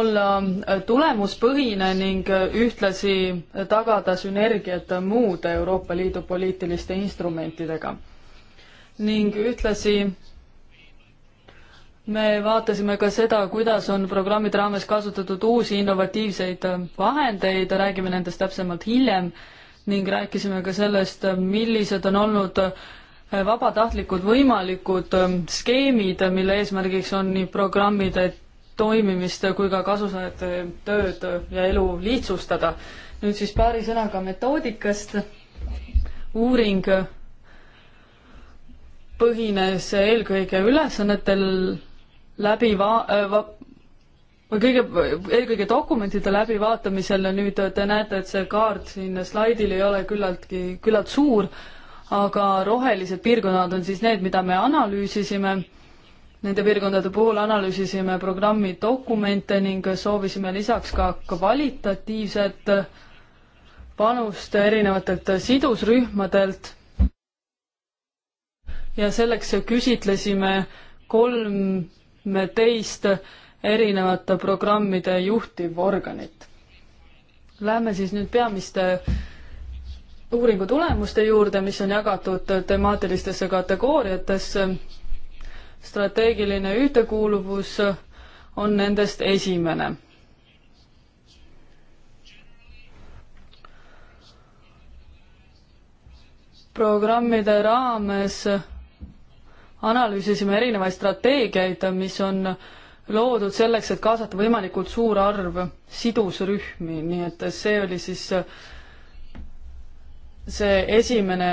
olla tulemuspõhine ning ühtlasi tagada sünergiat muude Euroopa Liidu poliitiliste instrumentidega. ning ühtlasi me vaatasime ka seda, kuidas on programmide raames kasutatud uusi innovatiivseid äh, vahendeid, räägime nendest täpsemalt hiljem, ning rääkisime ka sellest, äh, millised on olnud äh, vabatahtlikud võimalikud skeemid, mille eesmärgiks on nii programmide toimimist kui ka kasusaajate tööd ja elu lihtsustada. nüüd siis paari sõnaga metoodikast. uuring põhines eelkõige ülesannetel läbi va-, äh, va-, või kõige, eelkõige dokumentide läbivaatamisel nüüd te näete, et see kaart siin slaidil ei ole küllaltki, küllalt suur, aga rohelised piirkonnad on siis need, mida me analüüsisime Nende piirkondade puhul analüüsisime programmi dokumente ning soovisime lisaks ka kvalitatiivset panust erinevatelt sidusrühmadelt. ja selleks küsitlesime kolm teist erinevate programmide juhtivorganit. Läheme siis nüüd peamiste uuringu tulemuste juurde, mis on jagatud temaatilistesse kategooriatesse. strateegiline ühtekuuluvus on nendest esimene programmide raames analüüsisime erinevaid strateegiaid, mis on loodud selleks, et kaasata võimalikult suur arv sidusrühmi, nii et see oli siis see esimene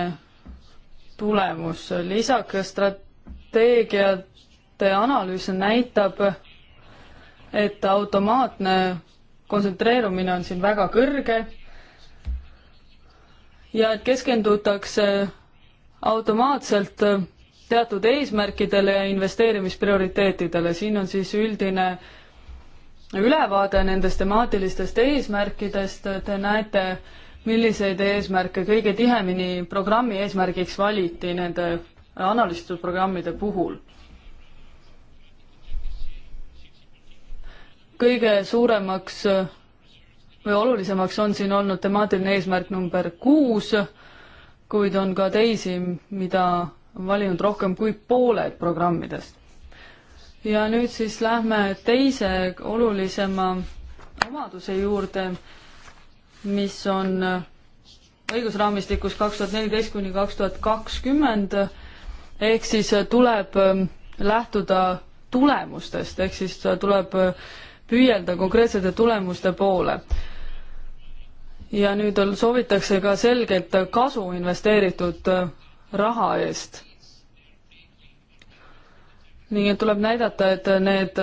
tulemus. lisaks strateegiate analüüs näitab, et automaatne kontsentreerumine on siin väga kõrge ja et keskendutakse automaatselt teatud eesmärkidele ja investeerimisprioriteetidele, siin on siis üldine ülevaade nendest temaatilistest eesmärkidest, te näete, milliseid eesmärke kõige tihemini programmi eesmärgiks valiti nende analüüsitud programmide puhul. kõige suuremaks või olulisemaks on siin olnud temaatiline eesmärk number kuus, kuid on ka teisi, mida valinud rohkem kui pooled programmidest. ja nüüd siis lähme teise olulisema omaduse juurde, mis on õigusraamistikus kaks tuhat neliteist kuni kaks tuhat kakskümmend, ehk siis tuleb ähm, lähtuda tulemustest, ehk siis tuleb äh, püüelda konkreetsete tulemuste poole. ja nüüd on, soovitakse ka selget kasu investeeritud äh, raha eest. nii et tuleb näidata, et need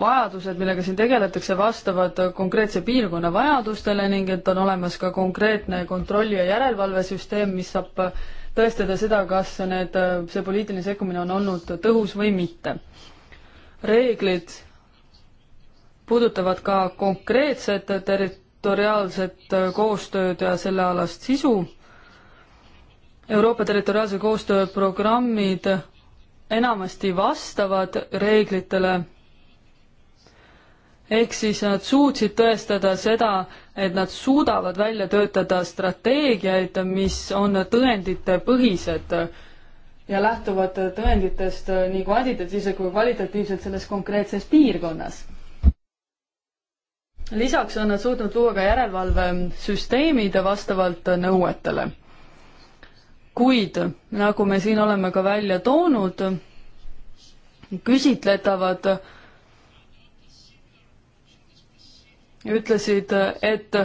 vajadused, millega siin tegeletakse, vastavad konkreetse piirkonna vajadustele ning et on olemas ka konkreetne kontrolli- ja järelevalvesüsteem, mis saab tõestada seda, kas need, see poliitiline sekkumine on olnud tõhus või mitte. reeglid puudutavad ka konkreetset territoriaalset koostööd ja sellealast sisu Euroopa territoriaalse koostöö programmid enamasti vastavad reeglitele, ehk siis nad suutsid tõestada seda, et nad suudavad välja töötada strateegiaid, mis on tõenditepõhised ja lähtuvad tõenditest nii kvantitatiivselt kui kvalitatiivselt selles konkreetses piirkonnas. lisaks on nad suutnud luua ka järelevalvesüsteemid vastavalt nõuetele kuid nagu me siin oleme ka välja toonud, küsitletavad ütlesid, et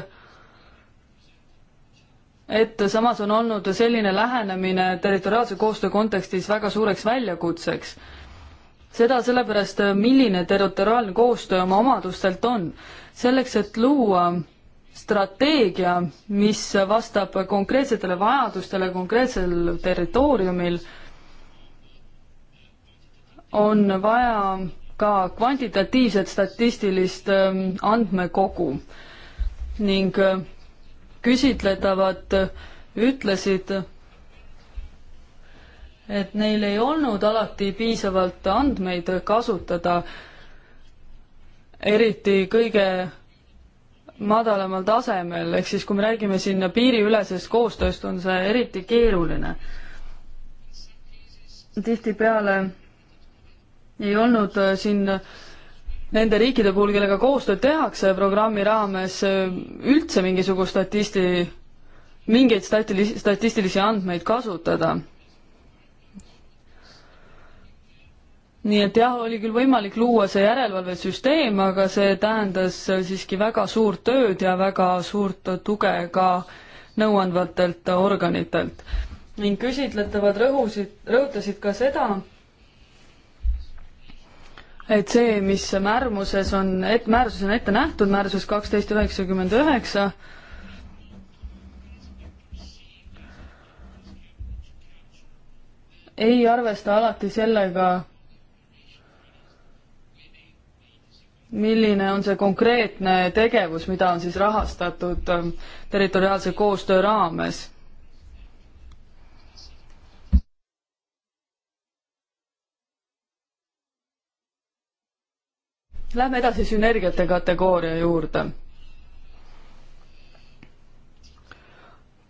et samas on olnud selline lähenemine territoriaalse koostöö kontekstis väga suureks väljakutseks. seda sellepärast, milline territoriaalne koostöö oma omadustelt on. selleks, et luua strateegia, mis vastab konkreetsetele vajadustele konkreetsel territooriumil, on vaja ka kvantitatiivset statistilist ähm, andmekogu ning äh, küsitletavad ütlesid, et neil ei olnud alati piisavalt andmeid kasutada, eriti kõige madalamal tasemel, ehk siis kui me räägime siin piiriülesest koostööst, on see eriti keeruline. tihtipeale ei olnud äh, siin äh, nende riikide puhul, kellega koostööd tehakse programmi raames, äh, üldse mingisugust statisti, mingeid statilisi, statistilisi andmeid kasutada nii et jah, oli küll võimalik luua see järelevalvesüsteem, aga see tähendas siiski väga suurt tööd ja väga suurt tuge ka nõuandvatelt organitelt. ning küsitletavad rõhusid, rõhutasid ka seda, et see, mis märmuses on, et määruses on ette nähtud, määruses kaksteist üheksakümmend üheksa, ei arvesta alati sellega, milline on see konkreetne tegevus, mida on siis rahastatud ähm, territoriaalse koostöö raames? Lähme edasi sünergiate kategooria juurde.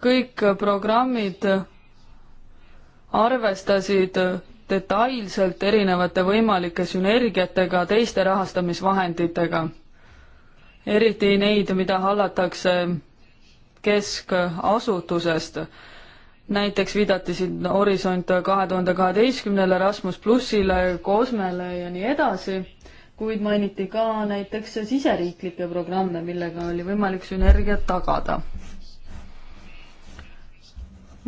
kõik programmid arvestasid detailselt erinevate võimalike sünergiatega teiste rahastamisvahenditega, eriti neid, mida hallatakse keskasutusest. näiteks viidati siin Horisont kahe tuhande kaheteistkümnele, Rasmus plussile, Kosmele ja nii edasi, kuid mainiti ka näiteks siseriiklikke programme, millega oli võimalik sünergiat tagada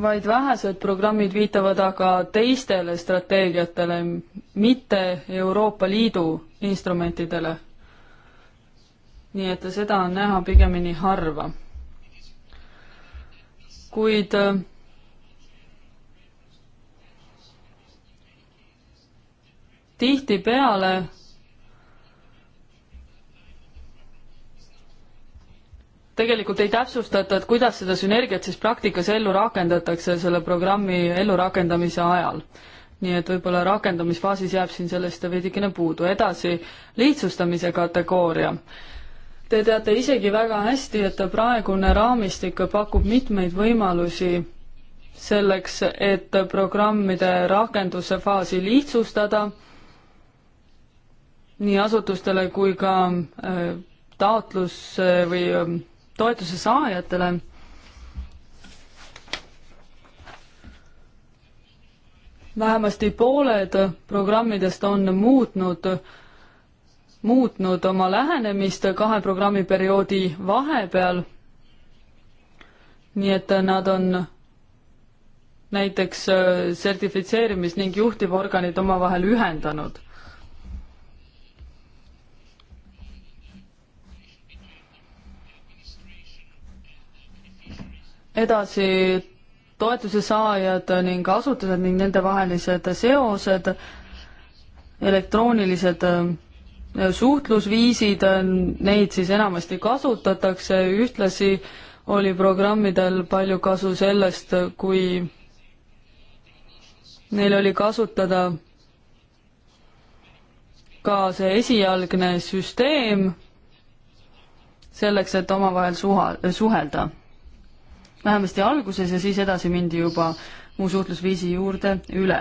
vaid vähesed programmid viitavad aga teistele strateegiatele, mitte Euroopa Liidu instrumentidele. nii et seda on näha pigemini harva. kuid äh, tihtipeale tegelikult ei täpsustata, et kuidas seda sünergiat siis praktikas ellu rakendatakse selle programmi ellurakendamise ajal. nii et võib-olla rakendamisfaasis jääb siin sellest veidikene puudu. edasi, lihtsustamise kategooria. Te teate isegi väga hästi, et praegune raamistik pakub mitmeid võimalusi selleks, et programmide rakenduse faasi lihtsustada nii asutustele kui ka äh, taotlus või ähm, toetuse saajatele. vähemasti pooled programmidest on muutnud, muutnud oma lähenemist kahe programmiperioodi vahepeal. nii et nad on näiteks äh, sertifitseerimis- ning juhtivorganid omavahel ühendanud edasi toetuse saajad ning asutused ning nendevahelised seosed, elektroonilised äh, suhtlusviisid, äh, neid siis enamasti kasutatakse, ühtlasi oli programmidel palju kasu sellest, kui neil oli kasutada ka see esialgne süsteem selleks, et omavahel suha, suhelda vähemasti alguses ja siis edasi mindi juba muu suhtlusviisi juurde üle.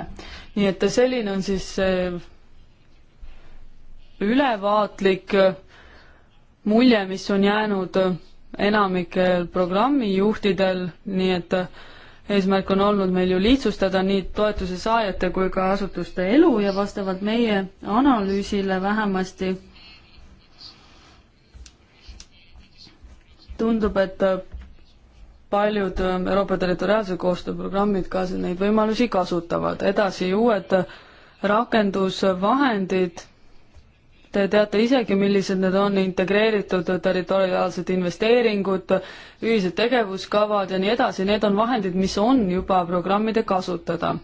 nii et selline on siis eh, ülevaatlik eh, mulje, mis on jäänud eh, enamikel programmijuhtidel, nii et eesmärk on olnud meil ju lihtsustada nii toetuse saajate kui ka asutuste elu ja vastavalt meie analüüsile vähemasti tundub, et paljud ähm, Euroopa territoriaalse koostöö programmid ka neid võimalusi kasutavad. edasi uued rakendusvahendid. Te teate isegi, millised need on, integreeritud territoriaalsed investeeringud, ühised tegevuskavad ja nii edasi, need on vahendid, mis on juba programmide kasutada.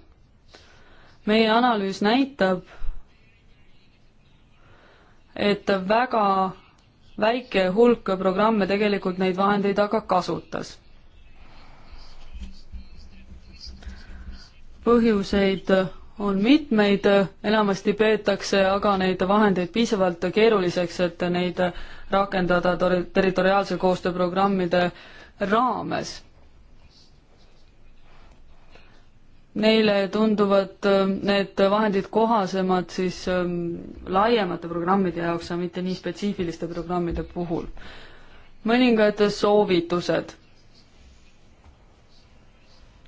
meie analüüs näitab, et väga väike hulk programme tegelikult neid vahendeid aga kasutas põhjuseid on mitmeid, enamasti peetakse aga neid vahendeid piisavalt keeruliseks, et neid rakendada ter-, territoriaalse koostöö programmide raames. Neile tunduvad äh, need vahendid kohasemad siis ähm, laiemate programmide jaoks ja mitte nii spetsiifiliste programmide puhul. mõningad soovitused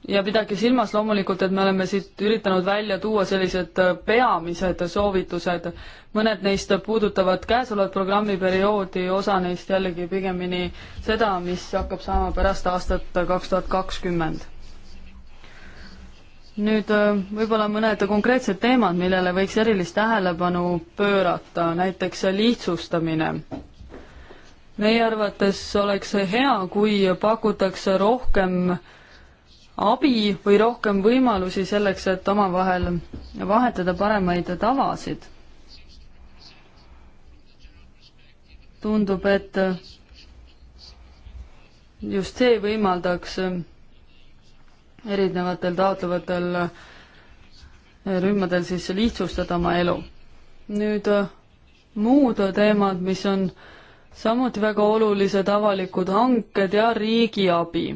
ja pidage silmas loomulikult, et me oleme siit üritanud välja tuua sellised äh, peamised soovitused. mõned neist puudutavad käesolevat programmiperioodi, osa neist jällegi pigemini seda, mis hakkab saama pärast aastat äh, kaks tuhat kakskümmend. nüüd äh, võib-olla mõned konkreetsed teemad, millele võiks erilist tähelepanu pöörata, näiteks lihtsustamine meie arvates oleks hea, kui pakutakse rohkem äh, abi või rohkem võimalusi selleks, et omavahel vahetada paremaid tavasid. tundub, et just see võimaldaks erinevatel taotlevatel rühmadel siis lihtsustada oma elu. nüüd äh, muud teemad, mis on samuti väga olulised, avalikud hanked ja riigiabi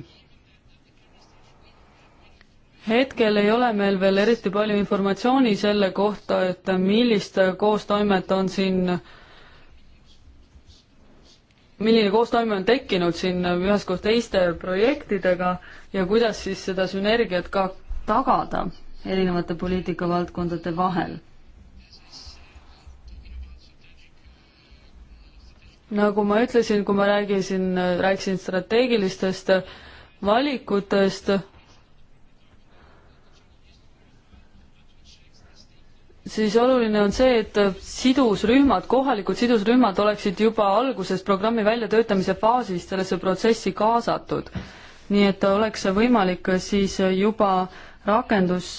hetkel ei ole meil veel eriti palju informatsiooni selle kohta, et millist koostoimet on siin, milline koostoime on tekkinud siin üheskoos teiste projektidega ja kuidas siis seda sünergiat ka tagada erinevate poliitikavaldkondade vahel. nagu ma ütlesin, kui ma räägisin, rääkisin strateegilistest valikutest, siis oluline on see, et sidusrühmad, kohalikud sidusrühmad oleksid juba alguses programmi väljatöötamise faasis sellesse protsessi kaasatud. nii et oleks võimalik siis juba rakendus,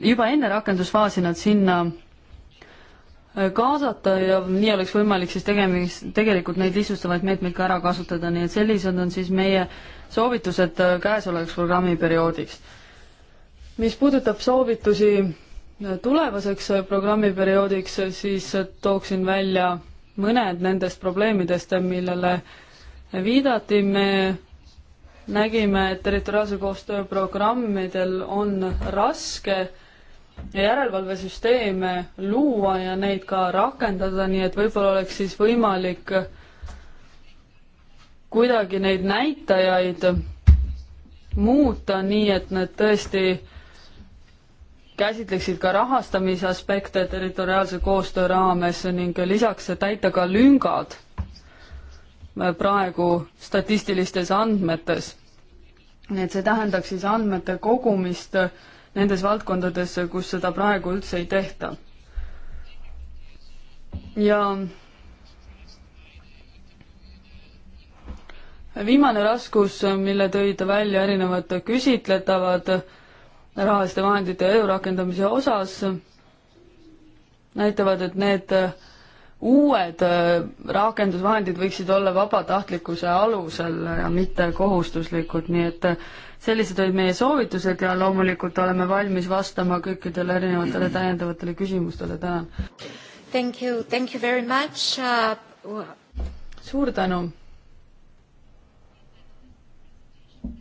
juba enne rakendusfaasi nad sinna äh, kaasata ja nii oleks võimalik siis tegemist, tegelikult neid lihtsustavaid meetmeid ka ära kasutada, nii et sellised on siis meie soovitused äh, käesolevaks programmiperioodiks. mis puudutab soovitusi tulevaseks äh, programmiperioodiks, äh, siis äh, tooksin välja mõned nendest probleemidest, millele viidati, me nägime, et territoriaalse koostöö programmidel on raske järelevalvesüsteeme luua ja neid ka rakendada, nii et võib-olla oleks siis võimalik kuidagi neid näitajaid muuta nii, et need tõesti käsitleksid ka rahastamisaspekte territoriaalse koostöö raames ning lisaks täita ka lüngad äh, praegu statistilistes andmetes. nii et see tähendaks siis andmete kogumist nendes valdkondades, kus seda praegu üldse ei tehta. ja viimane raskus, mille tõid välja erinevad küsitletavad, rahaliste vahendite elurakendamise osas näitavad, et need äh, uued äh, rakendusvahendid võiksid olla vabatahtlikkuse alusel ja mitte kohustuslikud, nii et äh, sellised olid meie soovitused ja loomulikult oleme valmis vastama kõikidele erinevatele täiendavatele küsimustele, tänan. Thank you, thank you very much uh.... suur tänu.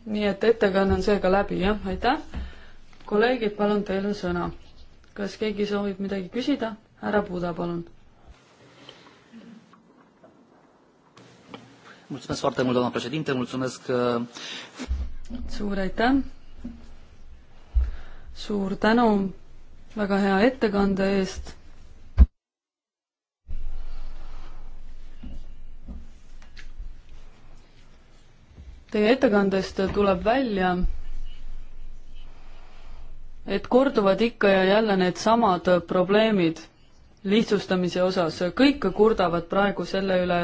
nii et ettekanne on seega läbi, jah, aitäh kolleegid, palun, teil on sõna. kas keegi soovib midagi küsida? härra Puda, palun. mulțumesc foarte mult, doamna președinte, mulțumesc suur aitäh! suur tänu väga hea ettekande eest! Teie ettekandest tuleb välja, et korduvad ikka ja jälle needsamad probleemid lihtsustamise osas, kõik kurdavad praegu selle üle,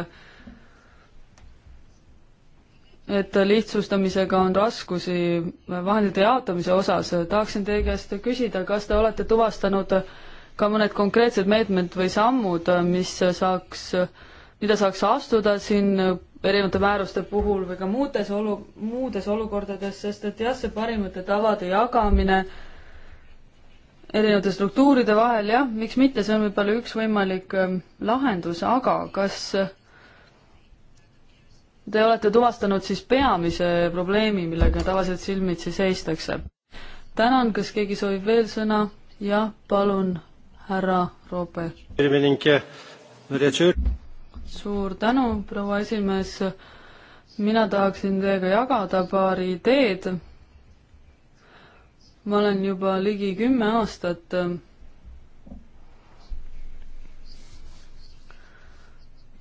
et lihtsustamisega on raskusi vahendite jaotamise osas, tahaksin teie käest küsida, kas te olete tuvastanud ka mõned konkreetsed meetmed või sammud, mis saaks, mida saaks astuda siin erinevate määruste puhul või ka muudes olu, muudes olukordades, sest et jah, see parimate tavade jagamine äh, erinevate struktuuride vahel, jah, miks mitte, see on võib-olla üks võimalik ähm, lahendus, aga kas te olete tuvastanud siis peamise probleemi, millega tavaliselt silmitsi seistakse? tänan, kas keegi soovib veel sõna? jah, palun, härra Roope. suur tänu, proua esimees. mina tahaksin teiega jagada paari ideed ma olen juba ligi kümme aastat ähm,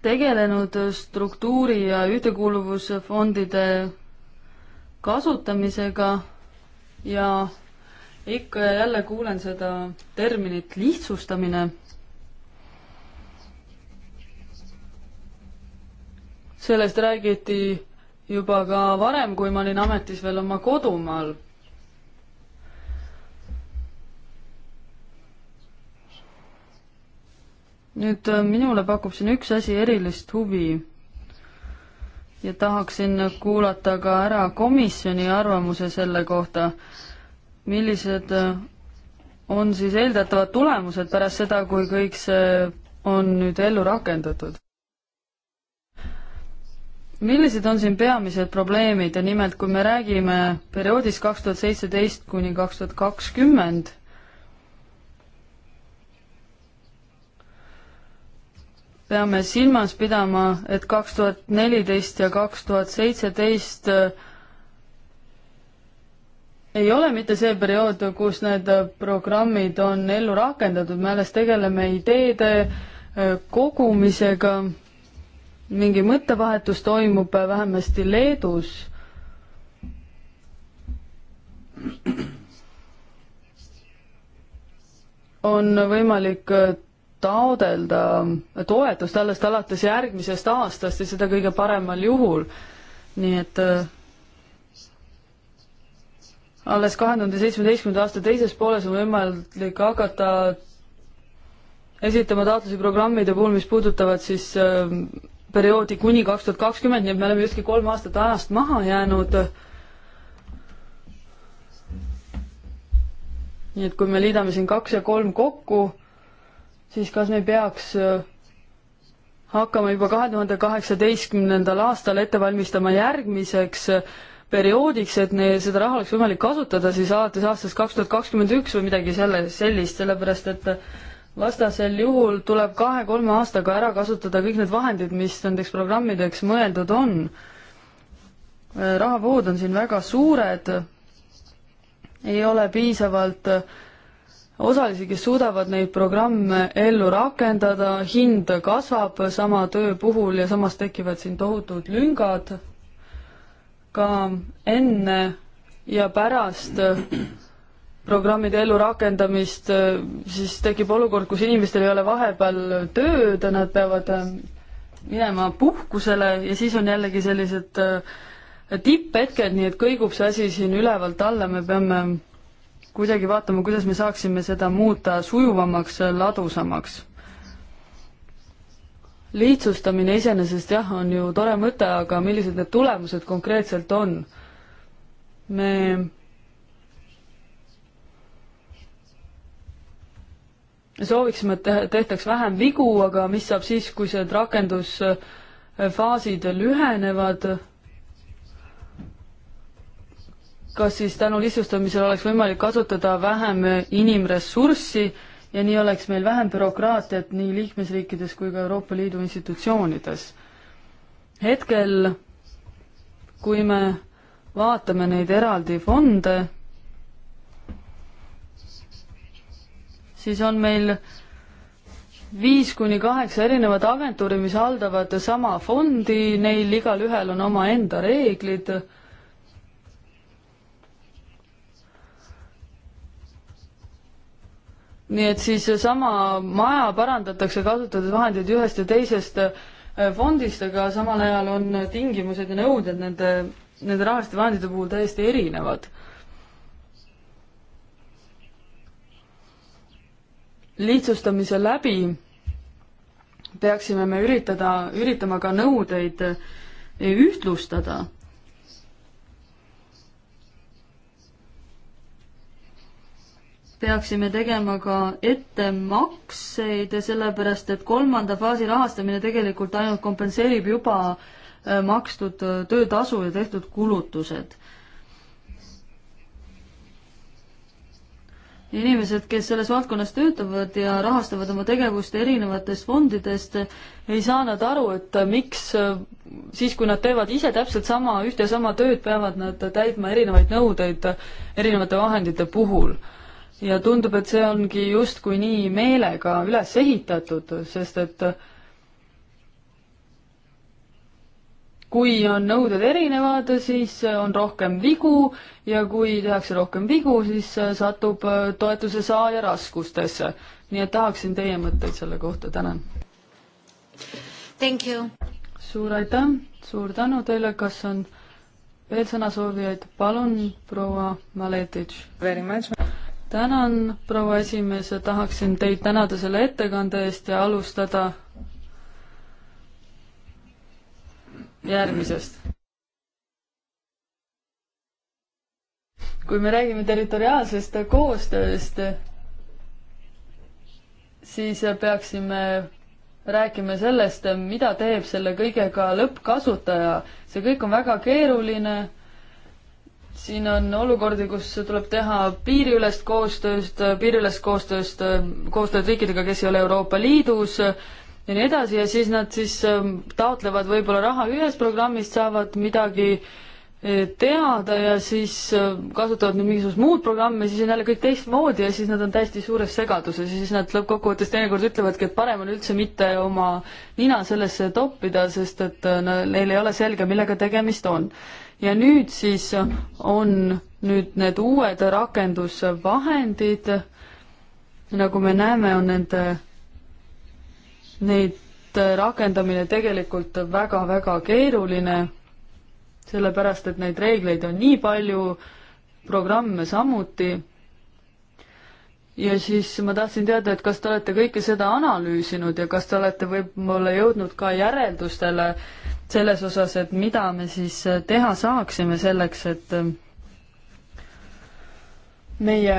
tegelenud struktuuri- ja ühtekuuluvusfondide kasutamisega ja ikka ja jälle kuulen seda terminit lihtsustamine. sellest räägiti juba ka varem, kui ma olin ametis veel oma kodumaal. nüüd äh, minule pakub siin üks asi erilist huvi ja tahaksin kuulata ka ära komisjoni arvamuse selle kohta, millised äh, on siis eeldatavad tulemused pärast seda, kui kõik see on nüüd ellu rakendatud. millised on siin peamised probleemid ja nimelt, kui me räägime perioodist kaks tuhat seitseteist kuni kaks tuhat kakskümmend, peame silmas pidama, et kaks tuhat neliteist ja kaks tuhat seitseteist äh, ei ole mitte see periood, kus need programmid on ellu rakendatud, me alles tegeleme ideede äh, kogumisega, mingi mõttevahetus toimub äh, vähemasti Leedus. on võimalik taodelda toetust alles alates järgmisest aastast ja seda kõige paremal juhul. nii et äh, alles kahe tuhande seitsmeteistkümnenda aasta teises pooles on võimalik hakata esitama taotlusi programmide puhul, mis puudutavad siis äh, perioodi kuni kaks tuhat kakskümmend, nii et me oleme justkui kolm aastat ajast maha jäänud. nii et kui me liidame siin kaks ja kolm kokku siis kas me peaks äh, hakkama juba kahe tuhande kaheksateistkümnendal aastal ette valmistama järgmiseks äh, perioodiks, et neil seda raha oleks võimalik kasutada siis alates aastast kaks tuhat kakskümmend üks või midagi selle, sellist, sellepärast et äh, vastasel juhul tuleb kahe-kolme aastaga ära kasutada kõik need vahendid, mis nendeks programmideks mõeldud on. rahavood on siin väga suured, ei ole piisavalt äh, osalisi, kes suudavad neid programme ellu rakendada, hind kasvab sama töö puhul ja samas tekivad siin tohutud lüngad ka enne ja pärast programmide ellurakendamist, siis tekib olukord, kus inimestel ei ole vahepeal tööd ja nad peavad minema puhkusele ja siis on jällegi sellised äh, tipphetked, nii et kõigub see asi siin ülevalt alla, me peame kuidagi vaatama, kuidas me saaksime seda muuta sujuvamaks, ladusamaks. lihtsustamine iseenesest jah, on ju tore mõte, aga millised need tulemused konkreetselt on? me sooviksime, et tehtaks vähem vigu, aga mis saab siis, kui see rakendusfaasid lühenevad kas siis tänu lihtsustamisele oleks võimalik kasutada vähem inimressurssi ja nii oleks meil vähem bürokraatiat nii liikmesriikides kui ka Euroopa Liidu institutsioonides. hetkel, kui me vaatame neid eraldi fonde, siis on meil viis kuni kaheksa erinevat agentuuri, mis haldavad sama fondi, neil igalühel on omaenda reeglid nii et siis sama maja parandatakse, kasutades vahendeid ühest ja teisest äh, fondist, aga samal ajal on tingimused ja nõuded nende, nende rahaliste vahendite puhul täiesti erinevad. lihtsustamise läbi peaksime me üritada, üritama ka nõudeid äh, ühtlustada peaksime tegema ka ettemakseid, sellepärast et kolmanda faasi rahastamine tegelikult ainult kompenseerib juba äh, makstud äh, töötasu ja tehtud kulutused. inimesed, kes selles valdkonnas töötavad ja rahastavad oma tegevust erinevatest fondidest, ei saa nad aru, et äh, miks siis, kui nad teevad ise täpselt sama, ühte ja sama tööd, peavad nad täitma erinevaid nõudeid erinevate vahendite puhul ja tundub, et see ongi justkui nii meelega üles ehitatud, sest et kui on nõuded erinevad, siis on rohkem vigu ja kui tehakse rohkem vigu, siis satub toetuse saaja raskustesse. nii et tahaksin teie mõtteid selle kohta, tänan. suur aitäh, suur tänu teile, kas on veel sõnasoovijaid, palun, proua Maletic tänan, proua esimees ja tahaksin teid tänada selle ettekande eest ja alustada järgmisest. kui me räägime territoriaalsest koostööst, siis peaksime rääkima sellest, mida teeb selle kõigega lõppkasutaja. see kõik on väga keeruline siin on olukordi, kus tuleb teha piiriülest koostööst, piiriülest koostööst, koostööd riikidega, kes ei ole Euroopa Liidus ja nii edasi ja siis nad siis ähm, taotlevad võib-olla raha ühest programmist, saavad midagi äh, teada ja siis äh, kasutavad nüüd mingisugust muud programmi, siis on jälle kõik teistmoodi ja siis nad on täiesti suures segaduses ja siis nad lõppkokkuvõttes teinekord ütlevadki, et parem on üldse mitte oma nina sellesse toppida, sest et äh, neil ei ole selge, millega tegemist on ja nüüd siis on nüüd need uued rakendusvahendid, nagu me näeme, on nende, neid rakendamine tegelikult väga-väga keeruline, sellepärast et neid reegleid on nii palju, programme samuti ja siis ma tahtsin teada, et kas te olete kõike seda analüüsinud ja kas te olete võib-olla jõudnud ka järeldustele selles osas, et mida me siis äh, teha saaksime selleks, et äh, meie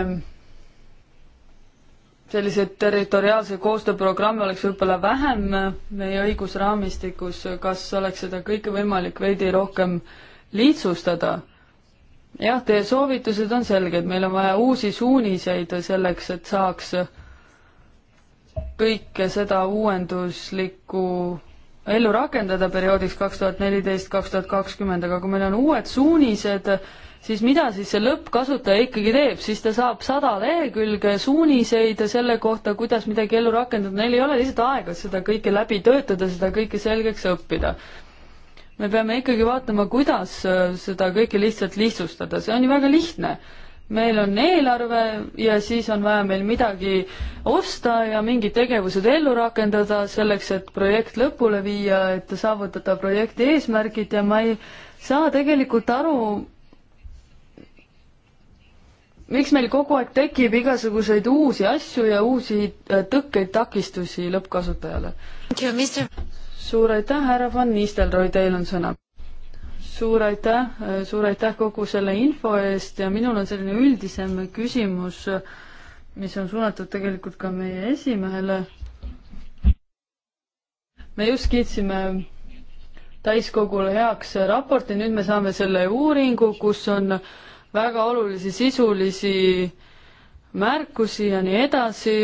selliseid territoriaalse koostöö programme oleks võib-olla vähem äh, meie õigusraamistikus, kas oleks seda kõike võimalik veidi rohkem lihtsustada? jah, teie soovitused on selged, meil on vaja uusi suuniseid selleks, et saaks kõike seda uuenduslikku ellu rakendada perioodiks kaks tuhat neliteist, kaks tuhat kakskümmend, aga kui meil on uued suunised, siis mida siis see lõppkasutaja ikkagi teeb, siis ta saab sada lehekülge suuniseid selle kohta, kuidas midagi ellu rakendada, neil ei ole lihtsalt aega seda kõike läbi töötada, seda kõike selgeks õppida. me peame ikkagi vaatama, kuidas äh, seda kõike lihtsalt lihtsustada, see on ju väga lihtne meil on eelarve ja siis on vaja meil midagi osta ja mingid tegevused ellu rakendada selleks, et projekt lõpule viia, et saavutada projekti eesmärgid ja ma ei saa tegelikult aru, miks meil kogu aeg tekib igasuguseid uusi asju ja uusi äh, tõkkeid, takistusi lõppkasutajale? suur aitäh, härra Van Nistelrooy, teil on sõna suur aitäh, suur aitäh kogu selle info eest ja minul on selline üldisem küsimus, mis on suunatud tegelikult ka meie esimehele. me just kiitsime täiskogule heaks raporti, nüüd me saame selle uuringu, kus on väga olulisi sisulisi märkusi ja nii edasi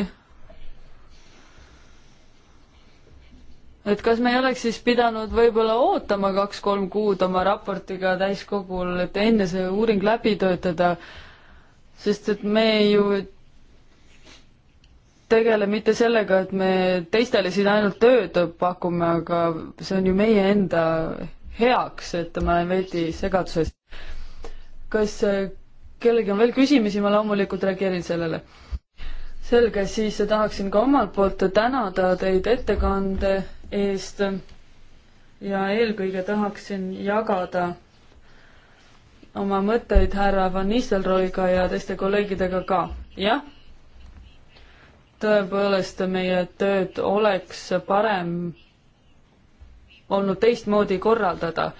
et kas me ei oleks siis pidanud võib-olla ootama kaks-kolm kuud oma raportiga täiskogul, et enne see uuring läbi töötada, sest et me ju tegele mitte sellega, et me teistele siin ainult tööd pakume, aga see on ju meie enda heaks, et ma olen veidi segaduses. kas äh, kellelgi on veel küsimusi, ma loomulikult reageerin sellele. selge, siis tahaksin ka omalt poolt tänada teid ettekande eest ja eelkõige tahaksin jagada oma mõtteid härra Van Nistelrooiga ja teiste kolleegidega ka, jah. tõepoolest, meie tööd oleks parem olnud teistmoodi korraldada.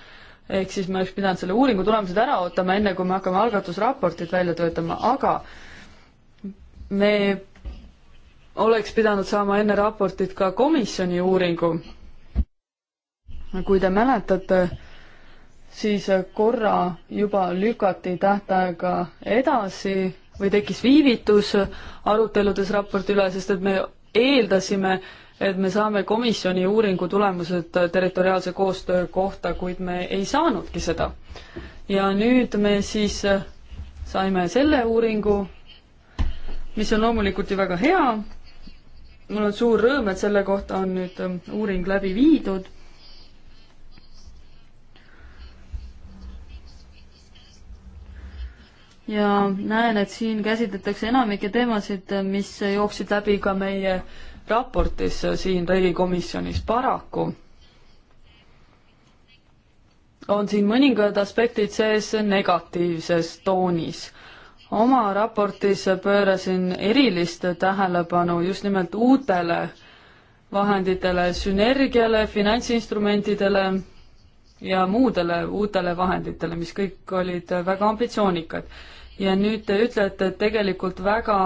ehk siis me oleks pidanud selle uuringu tulemused ära ootama, enne kui me hakkame algatusraportit välja töötama, aga me oleks pidanud saama enne raportit ka komisjoni uuringu. kui te mäletate, siis korra juba lükati tähtaega edasi või tekkis viivitus aruteludes raporti üle, sest et me eeldasime, et me saame komisjoni uuringu tulemused territoriaalse koostöö kohta, kuid me ei saanudki seda. ja nüüd me siis saime selle uuringu, mis on loomulikult ju väga hea, mul on suur rõõm, et selle kohta on nüüd ähm, uuring läbi viidud. ja näen, et siin käsitletakse enamikke teemasid, äh, mis jooksid läbi ka meie raportis äh, siin riigikomisjonis paraku on siin mõningad aspektid sees negatiivses toonis oma raportis pöörasin erilist tähelepanu just nimelt uutele vahenditele, sünergiale, finantsinstrumentidele ja muudele uutele vahenditele, mis kõik olid väga ambitsioonikad. ja nüüd te ütlete, et tegelikult väga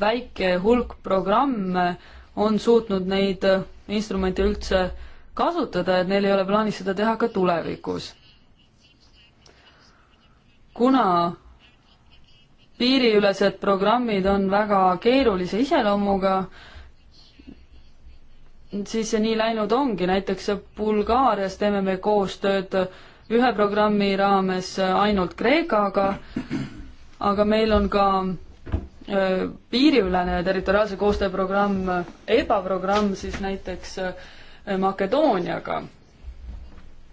väike hulk programme on suutnud neid instrumente üldse kasutada, et neil ei ole plaanis seda teha ka tulevikus. kuna piiriülesed programmid on väga keerulise iseloomuga, siis see nii läinud ongi, näiteks Bulgaarias teeme me koostööd ühe programmi raames ainult Kreekaga, aga meil on ka piiriülene territoriaalse koostöö programm, EBA programm siis näiteks Makedooniaga.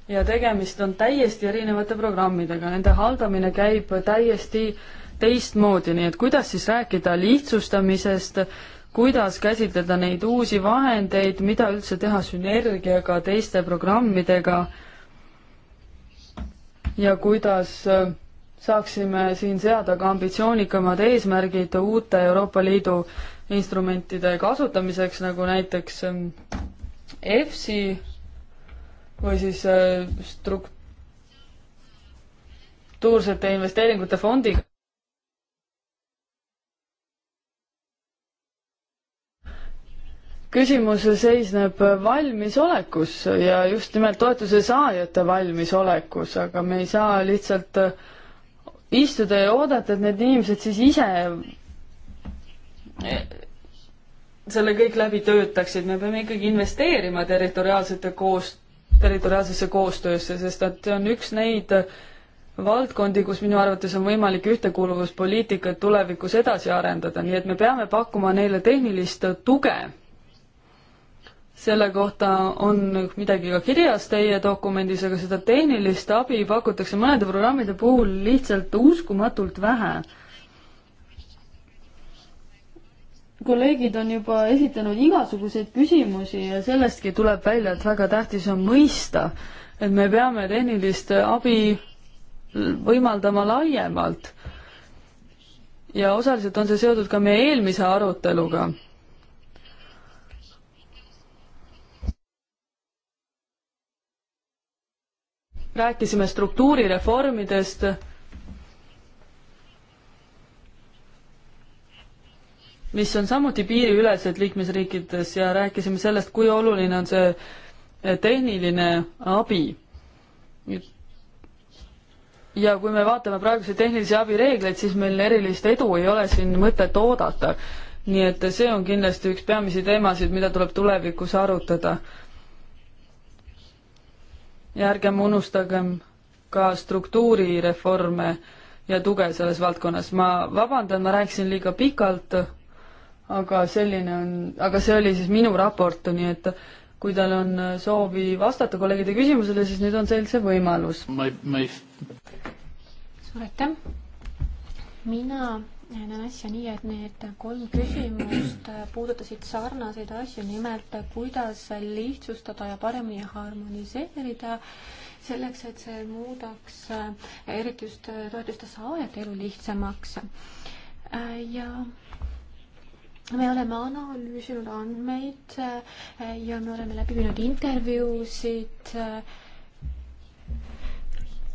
ja tegemist on täiesti erinevate programmidega, nende haldamine käib täiesti äh, teistmoodi, nii et kuidas siis rääkida lihtsustamisest, kuidas käsitleda neid uusi vahendeid, mida üldse teha sünergiaga teiste programmidega ja kuidas äh, saaksime siin seada ka ambitsioonikamad eesmärgid uute Euroopa Liidu instrumentide kasutamiseks, nagu näiteks ähm, EFSI või siis äh, struktuursete investeeringute fondiga. küsimus seisneb valmisolekus ja just nimelt toetuse saajate valmisolekus, aga me ei saa lihtsalt äh, istuda ja oodata, et need inimesed siis ise äh, selle kõik läbi töötaksid, me peame ikkagi investeerima territoriaalsete koos, territoriaalsesse koostöösse, sest et see on üks neid äh, valdkondi, kus minu arvates on võimalik ühtekuuluvuspoliitikat tulevikus edasi arendada, nii et me peame pakkuma neile tehnilist tuge selle kohta on midagi ka kirjas teie dokumendis, aga seda tehnilist abi pakutakse mõnede programmide puhul lihtsalt uskumatult vähe. kolleegid on juba esitanud igasuguseid küsimusi ja sellestki tuleb välja, et väga tähtis on mõista, et me peame tehnilist abi võimaldama laiemalt. ja osaliselt on see seotud ka meie eelmise aruteluga rääkisime struktuurireformidest, mis on samuti piiriülesed liikmesriikides ja rääkisime sellest, kui oluline on see tehniline abi. ja kui me vaatame praeguseid tehnilise abi reegleid, siis meil erilist edu ei ole siin mõtet oodata. nii et see on kindlasti üks peamisi teemasid, mida tuleb tulevikus arutada ja ärgem unustagem ka struktuurireforme ja tuge selles valdkonnas. ma vabandan, ma rääkisin liiga pikalt, aga selline on, aga see oli siis minu raport, nii et kui tal on soovi vastata kolleegide küsimusele, siis nüüd on teil see võimalus. suur aitäh! mina näen asja nii, et need kolm küsimust puudutasid sarnaseid asju, nimelt kuidas lihtsustada ja paremini harmoniseerida selleks, et see muudaks eriti just toetuste saajate elu lihtsamaks. ja me oleme analüüsinud andmeid ja me oleme läbi viinud intervjuusid äh,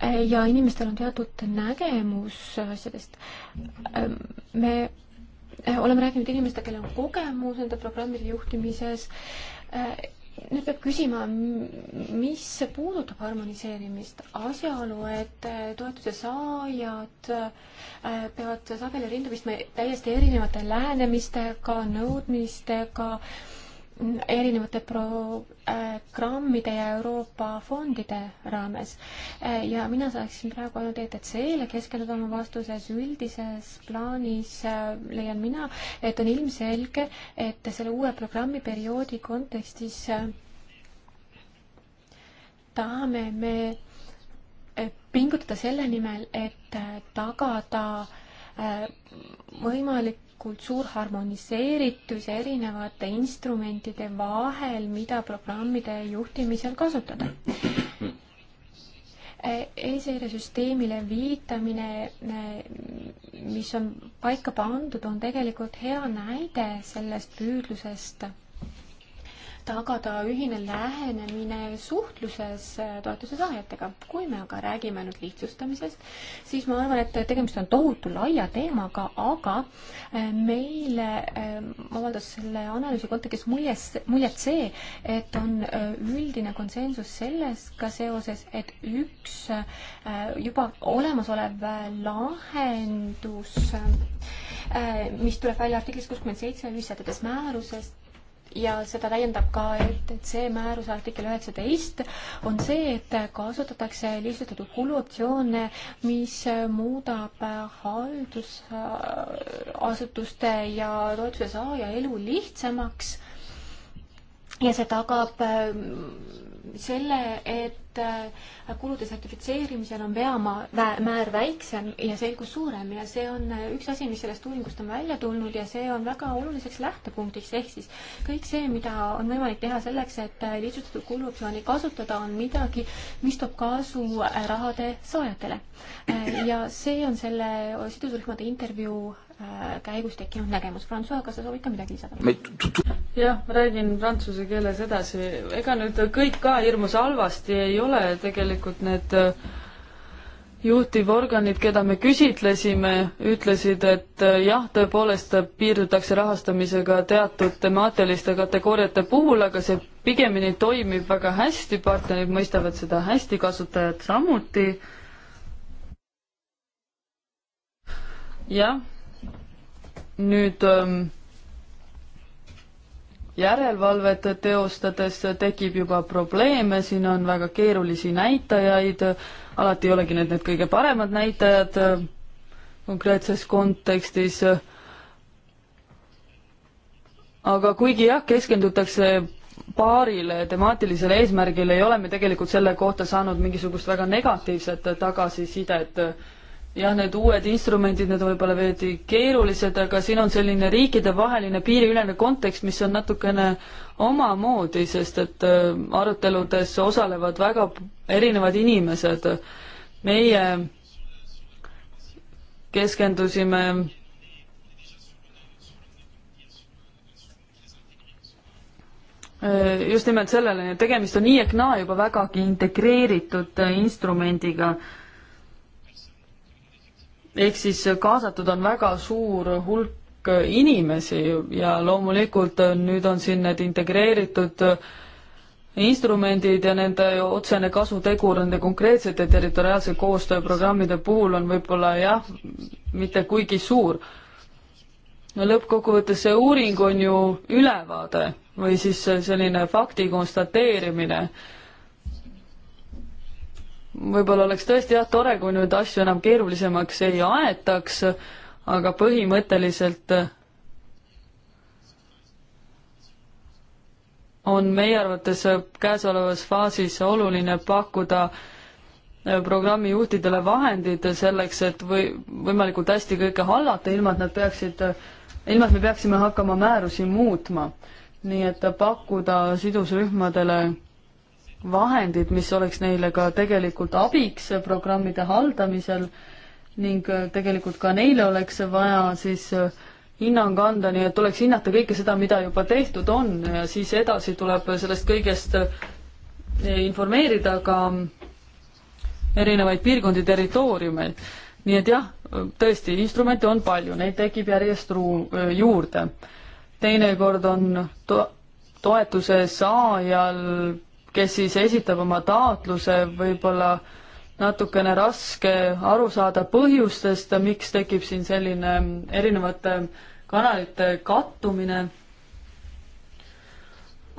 ja inimestel on teatud nägemus asjadest. Ehm, me eh, oleme rääkinud inimestega, kellel on kogemus nende programmide juhtimises. Eh, nüüd peab küsima, mis puudutab harmoniseerimist, asjaolu, et eh, toetuse saajad peavad sageli rindu pistma täiesti erinevate lähenemistega, nõudmistega erinevate programmide äh, ja Euroopa fondide raames. Äh, ja mina saaksin praegu ainult ETC-le keskenduda oma vastuses, üldises plaanis äh, leian mina, et on ilmselge, et selle uue programmiperioodi kontekstis tahame me pingutada selle nimel, et tagada võimalik võimalikult suur harmoniseeritus erinevate instrumentide vahel, mida programmide juhtimisel kasutada. Äh, e-seiresüsteemile viitamine, äh, mis on paika pandud, on tegelikult hea näide sellest püüdlusest tagada ühine lähenemine suhtluses äh, toetuse saajatega. kui me aga räägime nüüd lihtsustamisest, siis ma arvan, et tegemist on tohutu laia teemaga, aga äh, meile äh, avaldas selle analüüsi kontekstis muljes, muljet see, et on üldine konsensus selles ka seoses, et üks juba olemasolev lahendus mis tuleb välja artiklis kuuskümmend seitse ühissätetes määrusest, ja seda täiendab ka ETC määruse artikkel üheksateist, on see, et kasutatakse lihtsustatud kuluoptsioone, mis muudab haldusasutuste ja toetuse saaja elu lihtsamaks ja see tagab ähm, selle, et äh, kulude sertifitseerimisel on veamäär väiksem ja selgus suurem ja see on äh, üks asi, mis sellest uuringust on välja tulnud ja see on väga oluliseks lähtepunktiks, ehk siis kõik see, mida on võimalik teha selleks, et äh, lihtsustatud kuluoptsiooni kasutada, on midagi, mis toob kasu rahade saajatele. ja see on selle sidusrühmade intervjuu Äh, käigus tekkinud nägemus. Francois, kas sa soovid ka midagi lisada? jah, ma räägin prantsuse keeles edasi. ega nüüd kõik ka hirmus halvasti ei ole, tegelikult need äh, juhtivorganid, keda me küsitlesime, ütlesid, et äh, jah, tõepoolest piirdutakse rahastamisega teatud temaatiliste kategooriate puhul, aga see pigemini toimib väga hästi, partnerid mõistavad seda hästi, kasutajad samuti. jah nüüd ähm, järelevalvet teostades tekib juba probleeme, siin on väga keerulisi näitajaid, alati ei olegi need need kõige paremad näitajad äh, konkreetses kontekstis. aga kuigi jah, keskendutakse paarile temaatilisele eesmärgile, ei ole me tegelikult selle kohta saanud mingisugust väga negatiivset tagasisidet jah, need uued instrumendid, need on võib-olla veidi keerulised, aga siin on selline riikidevaheline piiriülene kontekst, mis on natukene omamoodi, sest et äh, aruteludes osalevad väga erinevad inimesed. meie keskendusime äh, just nimelt sellele, et tegemist on nii ehk naa juba vägagi integreeritud äh, instrumendiga ehk siis kaasatud on väga suur hulk inimesi ja loomulikult nüüd on siin need integreeritud instrumendid ja nende otsene kasutegur nende konkreetsete territoriaalse koostööprogrammide puhul on võib-olla jah, mitte kuigi suur. no lõppkokkuvõttes see uuring on ju ülevaade või siis selline fakti konstateerimine võib-olla oleks tõesti jah, tore, kui nüüd asju enam keerulisemaks ei aetaks, aga põhimõtteliselt on meie arvates käesolevas faasis oluline pakkuda programmi juhtidele vahendid selleks, et või võimalikult hästi kõike hallata, ilma et nad peaksid, ilma et me peaksime hakkama määrusi muutma. nii et pakkuda sidusrühmadele vahendid, mis oleks neile ka tegelikult abiks programmide haldamisel ning äh, tegelikult ka neile oleks vaja siis äh, hinnang anda, nii et tuleks hinnata kõike seda, mida juba tehtud on ja siis edasi tuleb sellest kõigest äh, informeerida ka erinevaid piirkondi, territooriume. nii et jah, tõesti, instrumente on palju, neid tekib järjest ruu-, juurde. teinekord on to-, toetuse saajal kes siis esitab oma taotluse, võib-olla natukene raske aru saada põhjustest, miks tekib siin selline erinevate kanalite kattumine.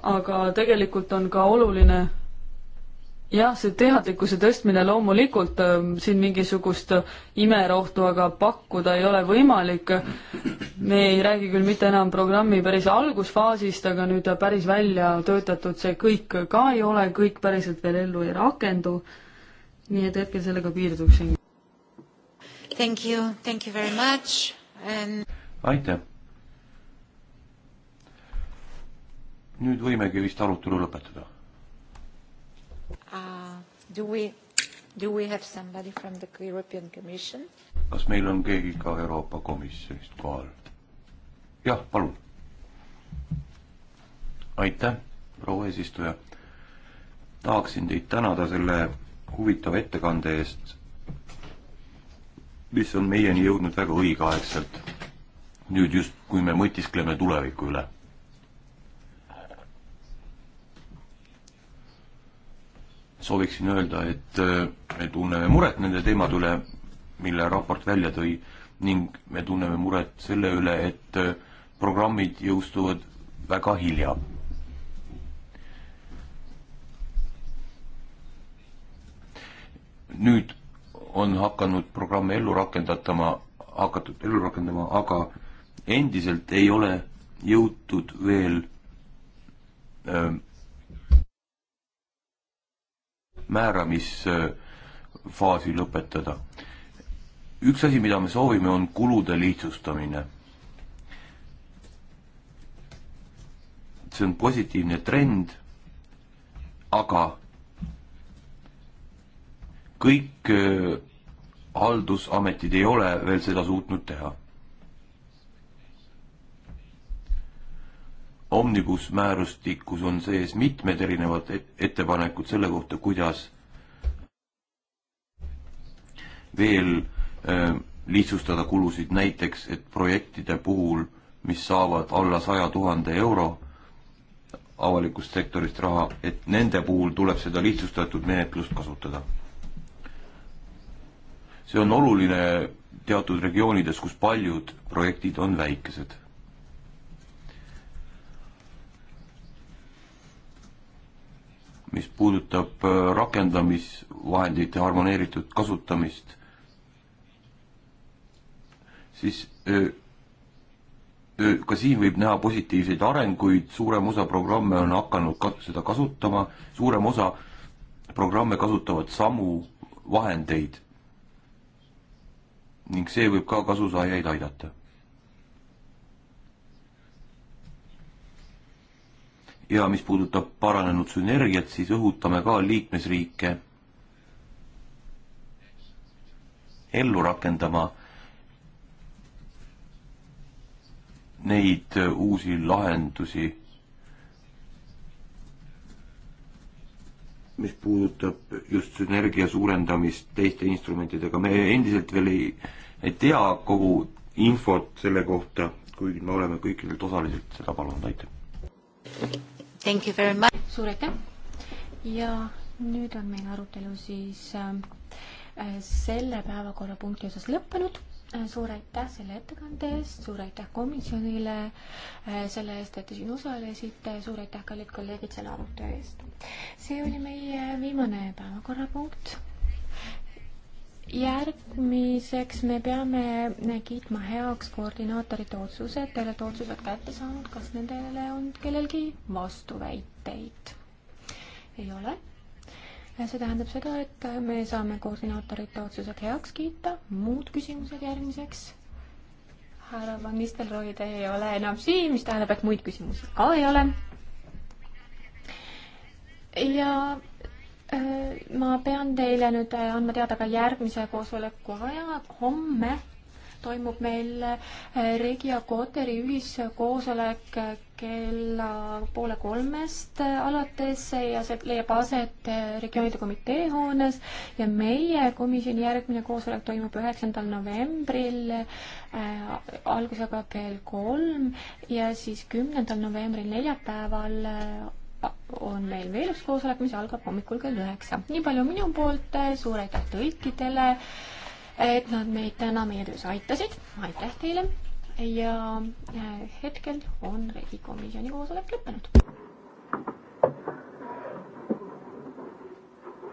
aga tegelikult on ka oluline jah, see teadlikkuse tõstmine loomulikult, ähm, siin mingisugust imerohtu aga pakkuda ei ole võimalik me ei räägi küll mitte enam programmi päris algusfaasist, aga nüüd päris välja töötatud see kõik ka ei ole, kõik päriselt veel ellu ei rakendu. nii et hetkel sellega piirduksin. Thank you, thank you very much and.... aitäh. nüüd võimegi vist arutelu lõpetada uh,. Do we, do we have somebody from the European Commission? kas meil on keegi ka Euroopa Komisjonist kohal? jah, palun. aitäh, proua eesistuja. tahaksin teid tänada selle huvitava ettekande eest, mis on meieni jõudnud väga õigeaegselt. nüüd just, kui me mõtiskleme tuleviku üle. sooviksin öelda, et äh, me tunneme muret nende teemade üle, mille raport välja tõi ning me tunneme muret selle üle, et äh, programmid jõustuvad väga hilja. nüüd on hakanud programme ellu rakendatama, hakatud ellu rakendama, aga endiselt ei ole jõutud veel öö, ähm, määramisfaasi äh, lõpetada. üks asi, mida me soovime, on kulude lihtsustamine see on positiivne trend, aga kõik äh, haldusametid ei ole veel seda suutnud teha. Omnibus määrustikus on sees mitmed erinevad ettepanekud selle kohta, kuidas veel äh, lihtsustada kulusid, näiteks et projektide puhul, mis saavad alla saja tuhande euro, avalikust sektorist raha, et nende puhul tuleb seda lihtsustatud menetlust kasutada. see on oluline teatud regioonides, kus paljud projektid on väikesed. mis puudutab äh, rakendamisvahendite harmoneeritud kasutamist, siis öö, äh, ka siin võib näha positiivseid arenguid, suurem osa programme on hakanud ka seda kasutama, suurem osa programme kasutavad samu vahendeid. ning see võib ka kasusaajaid aidata. ja mis puudutab paranenud sünergiat, siis õhutame ka liikmesriike ellu rakendama neid äh, uusi lahendusi, mis puudutab just sünergia suurendamist teiste instrumentidega, me endiselt veel ei, ei tea kogu infot selle kohta, kuigi me oleme kõikidelt osaliselt seda palunud, aitäh! suur aitäh! ja nüüd on meil arutelu siis äh, selle päevakorrapunkti osas lõppenud suur aitäh selle ettekande eest, suur aitäh komisjonile äh, selle eest, et te siin osalesite, suur aitäh, kallid kolleegid, selle arutelu eest. see oli meie viimane päevakorrapunkt. järgmiseks me peame kiitma heaks koordinaatorite otsused, te olete otsused kätte saanud, kas nendele on kellelgi vastuväiteid? ei ole see tähendab seda, et me saame koordinaatorite otsused heaks kiita, muud küsimused järgmiseks? härra Van Nistelrooy, te ei ole enam siin, mis tähendab, et muid küsimusi ka ei ole. ja äh, ma pean teile nüüd äh, andma teada ka järgmise koosoleku aja, homme toimub meil äh, Regia Kotari ühiskoosolek kella poole kolmest alates ja see leiab aset regioonide komitee hoones ja meie komisjoni järgmine koosolek toimub üheksandal novembril äh, algusega kell kolm ja siis kümnendal novembril neljapäeval äh, on meil veel üks koosolek, mis algab hommikul kell üheksa. nii palju minu poolt, äh, suur aitäh tõlkidele, et nad meid täna meie töös aitasid, aitäh teile ja äh, hetkel on riigikomisjoni koosolek lõppenud.